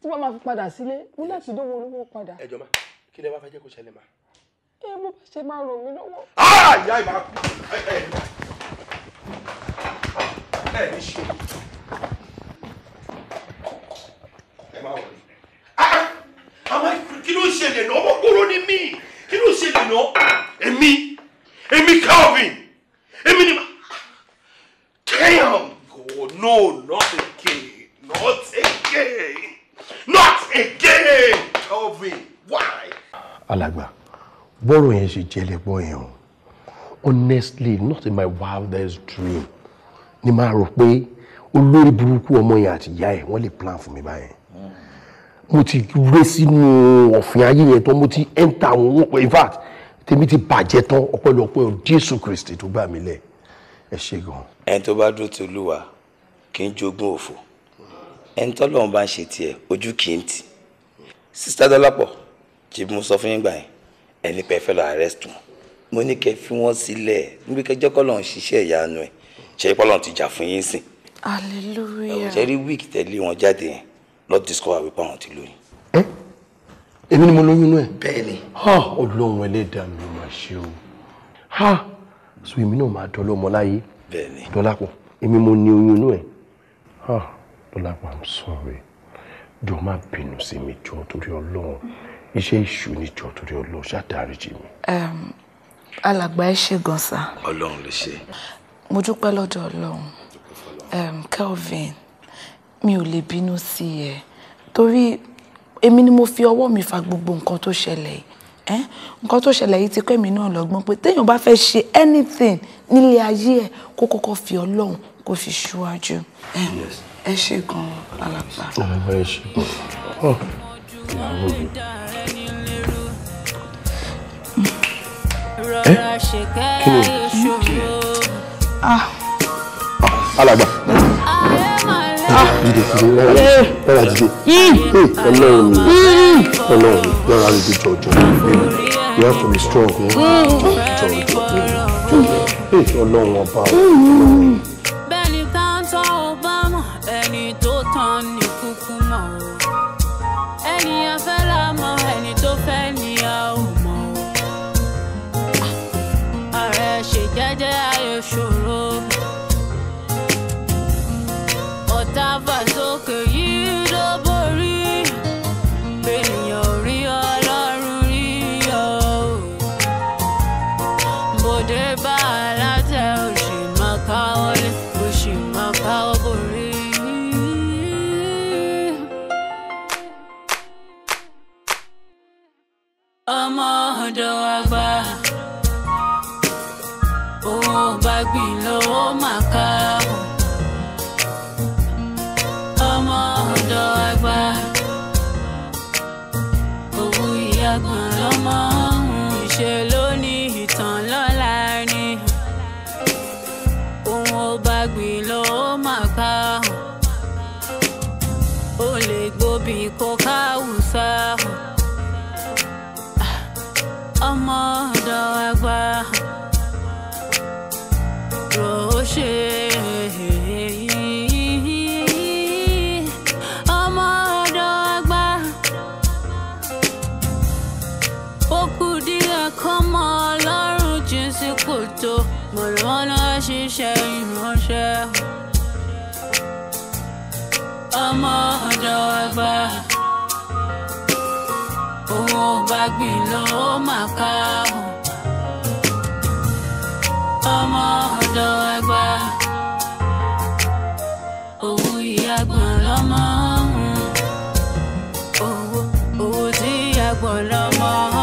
tí wọn máa fi padà sílé mo láti dówó olówó padà. ẹ jọ ma kí lẹ wá fẹ́ jẹ́ kó ṣẹlẹ̀ ma. ẹ mo bá ṣe máa ràn mí lọ́wọ́. ìyá ìbá ẹ ẹ ẹ ní ṣe ẹ máa wọlé. Ah, ah, àwọn kí ló ṣẹlẹ̀ náà ọmọkúrò ni mí kí ló ṣẹlẹ̀ náà èmi èmi Calvin èmi ni ma damn God no not again not again not again Calvin why. Alagba, bọ́rọ̀ yẹn ṣe jẹ́lẹ̀ boy. yẹn honestly not in my wildest dream ni màá rò pé olórí burúkú ọmọ yẹn àti ìyá ẹ̀ wọ́n lè plan fún mi báyẹn mo ti ré sínú ọ̀fìn ayé yẹn tó mo ti enter àwọn in fact tèmi ti bàjẹ́ tán ọpẹ́lọpẹ́ jésù kristi tó gbà mí lẹ̀ ẹ ṣe gan. ẹni tó bá dúró ti olúwa kì í jogún òfò ẹni tọ́lọ́run bá ń ṣe tiẹ̀ ojú kì í tì sísá dọ́lápọ̀ tí mo sọ fún yín gbà yẹn ẹni pẹ́ fẹ́ lọ arrest wọn mo ní kẹ́ fi wọ́n sílẹ̀ níbi kẹjọ́ kọ́ lọ́n ṣiṣẹ́ ìyanu ẹ̀ ṣe é pọ́lọ́n ti jà fún yín sìn. hallelujah. ẹ̀wọ̀n jẹ́rí wíìkì tẹ̀lé wọn jáde yẹn lọ́ọ́ discover wípé àwọn ti lóyún èmi ni mo lóyún inú ẹ. bẹ́ẹ̀ni. ha Ọlọ́run Ẹlẹ́dàá mi máa ṣe o ha so èmi náà máa dọlọmọ láyé. bẹ́ẹ̀ni. Dọlápọ̀ èmi mo ní oyún inú ẹ ha Dọlápọ̀ i'm sorry jọ má bínú sí mi jọ torí Ọlọ́run iṣẹ́ ìṣù ni jọ torí Ọlọ́run ṣàdáríjì mi. alàgbà ẹ ṣe gan sa. Ọlọ́run lè ṣe. mo dúpẹ́ lọ́dọ̀ Ọlọ́run Kelvin mi ò lè bínú sí ẹ torí èmi ni mo fi ọwọ́ mi fa gbogbo nǹkan tó ṣẹlẹ̀ yìí nǹkan tó ṣẹlẹ̀ yìí ti kọ́ èmi náà lọ́gbọ́n pé téèyàn bá fẹ́ ṣe anything nílé ayé ẹ̀ kó kọ́kọ́ fi ọlọ́run kó fi ṣíwájú ẹ ṣe gan alàgbà. ẹ kí ni. Ah. alàgbà dìde dìde lọ́la dìde ọlọ́run mi ọlọ́run mi lọ́la dìde jọjọ bíbí you have to be strong jọjọ ọlọ́run ọba ọlọ́run. bá gbìn lọ ó máa ká o. ọmọ ọ̀dọ̀ àgbà òwú ìyá gbọ̀n lọ́mọ owó tí ìyá gbọ̀n lọ́mọ.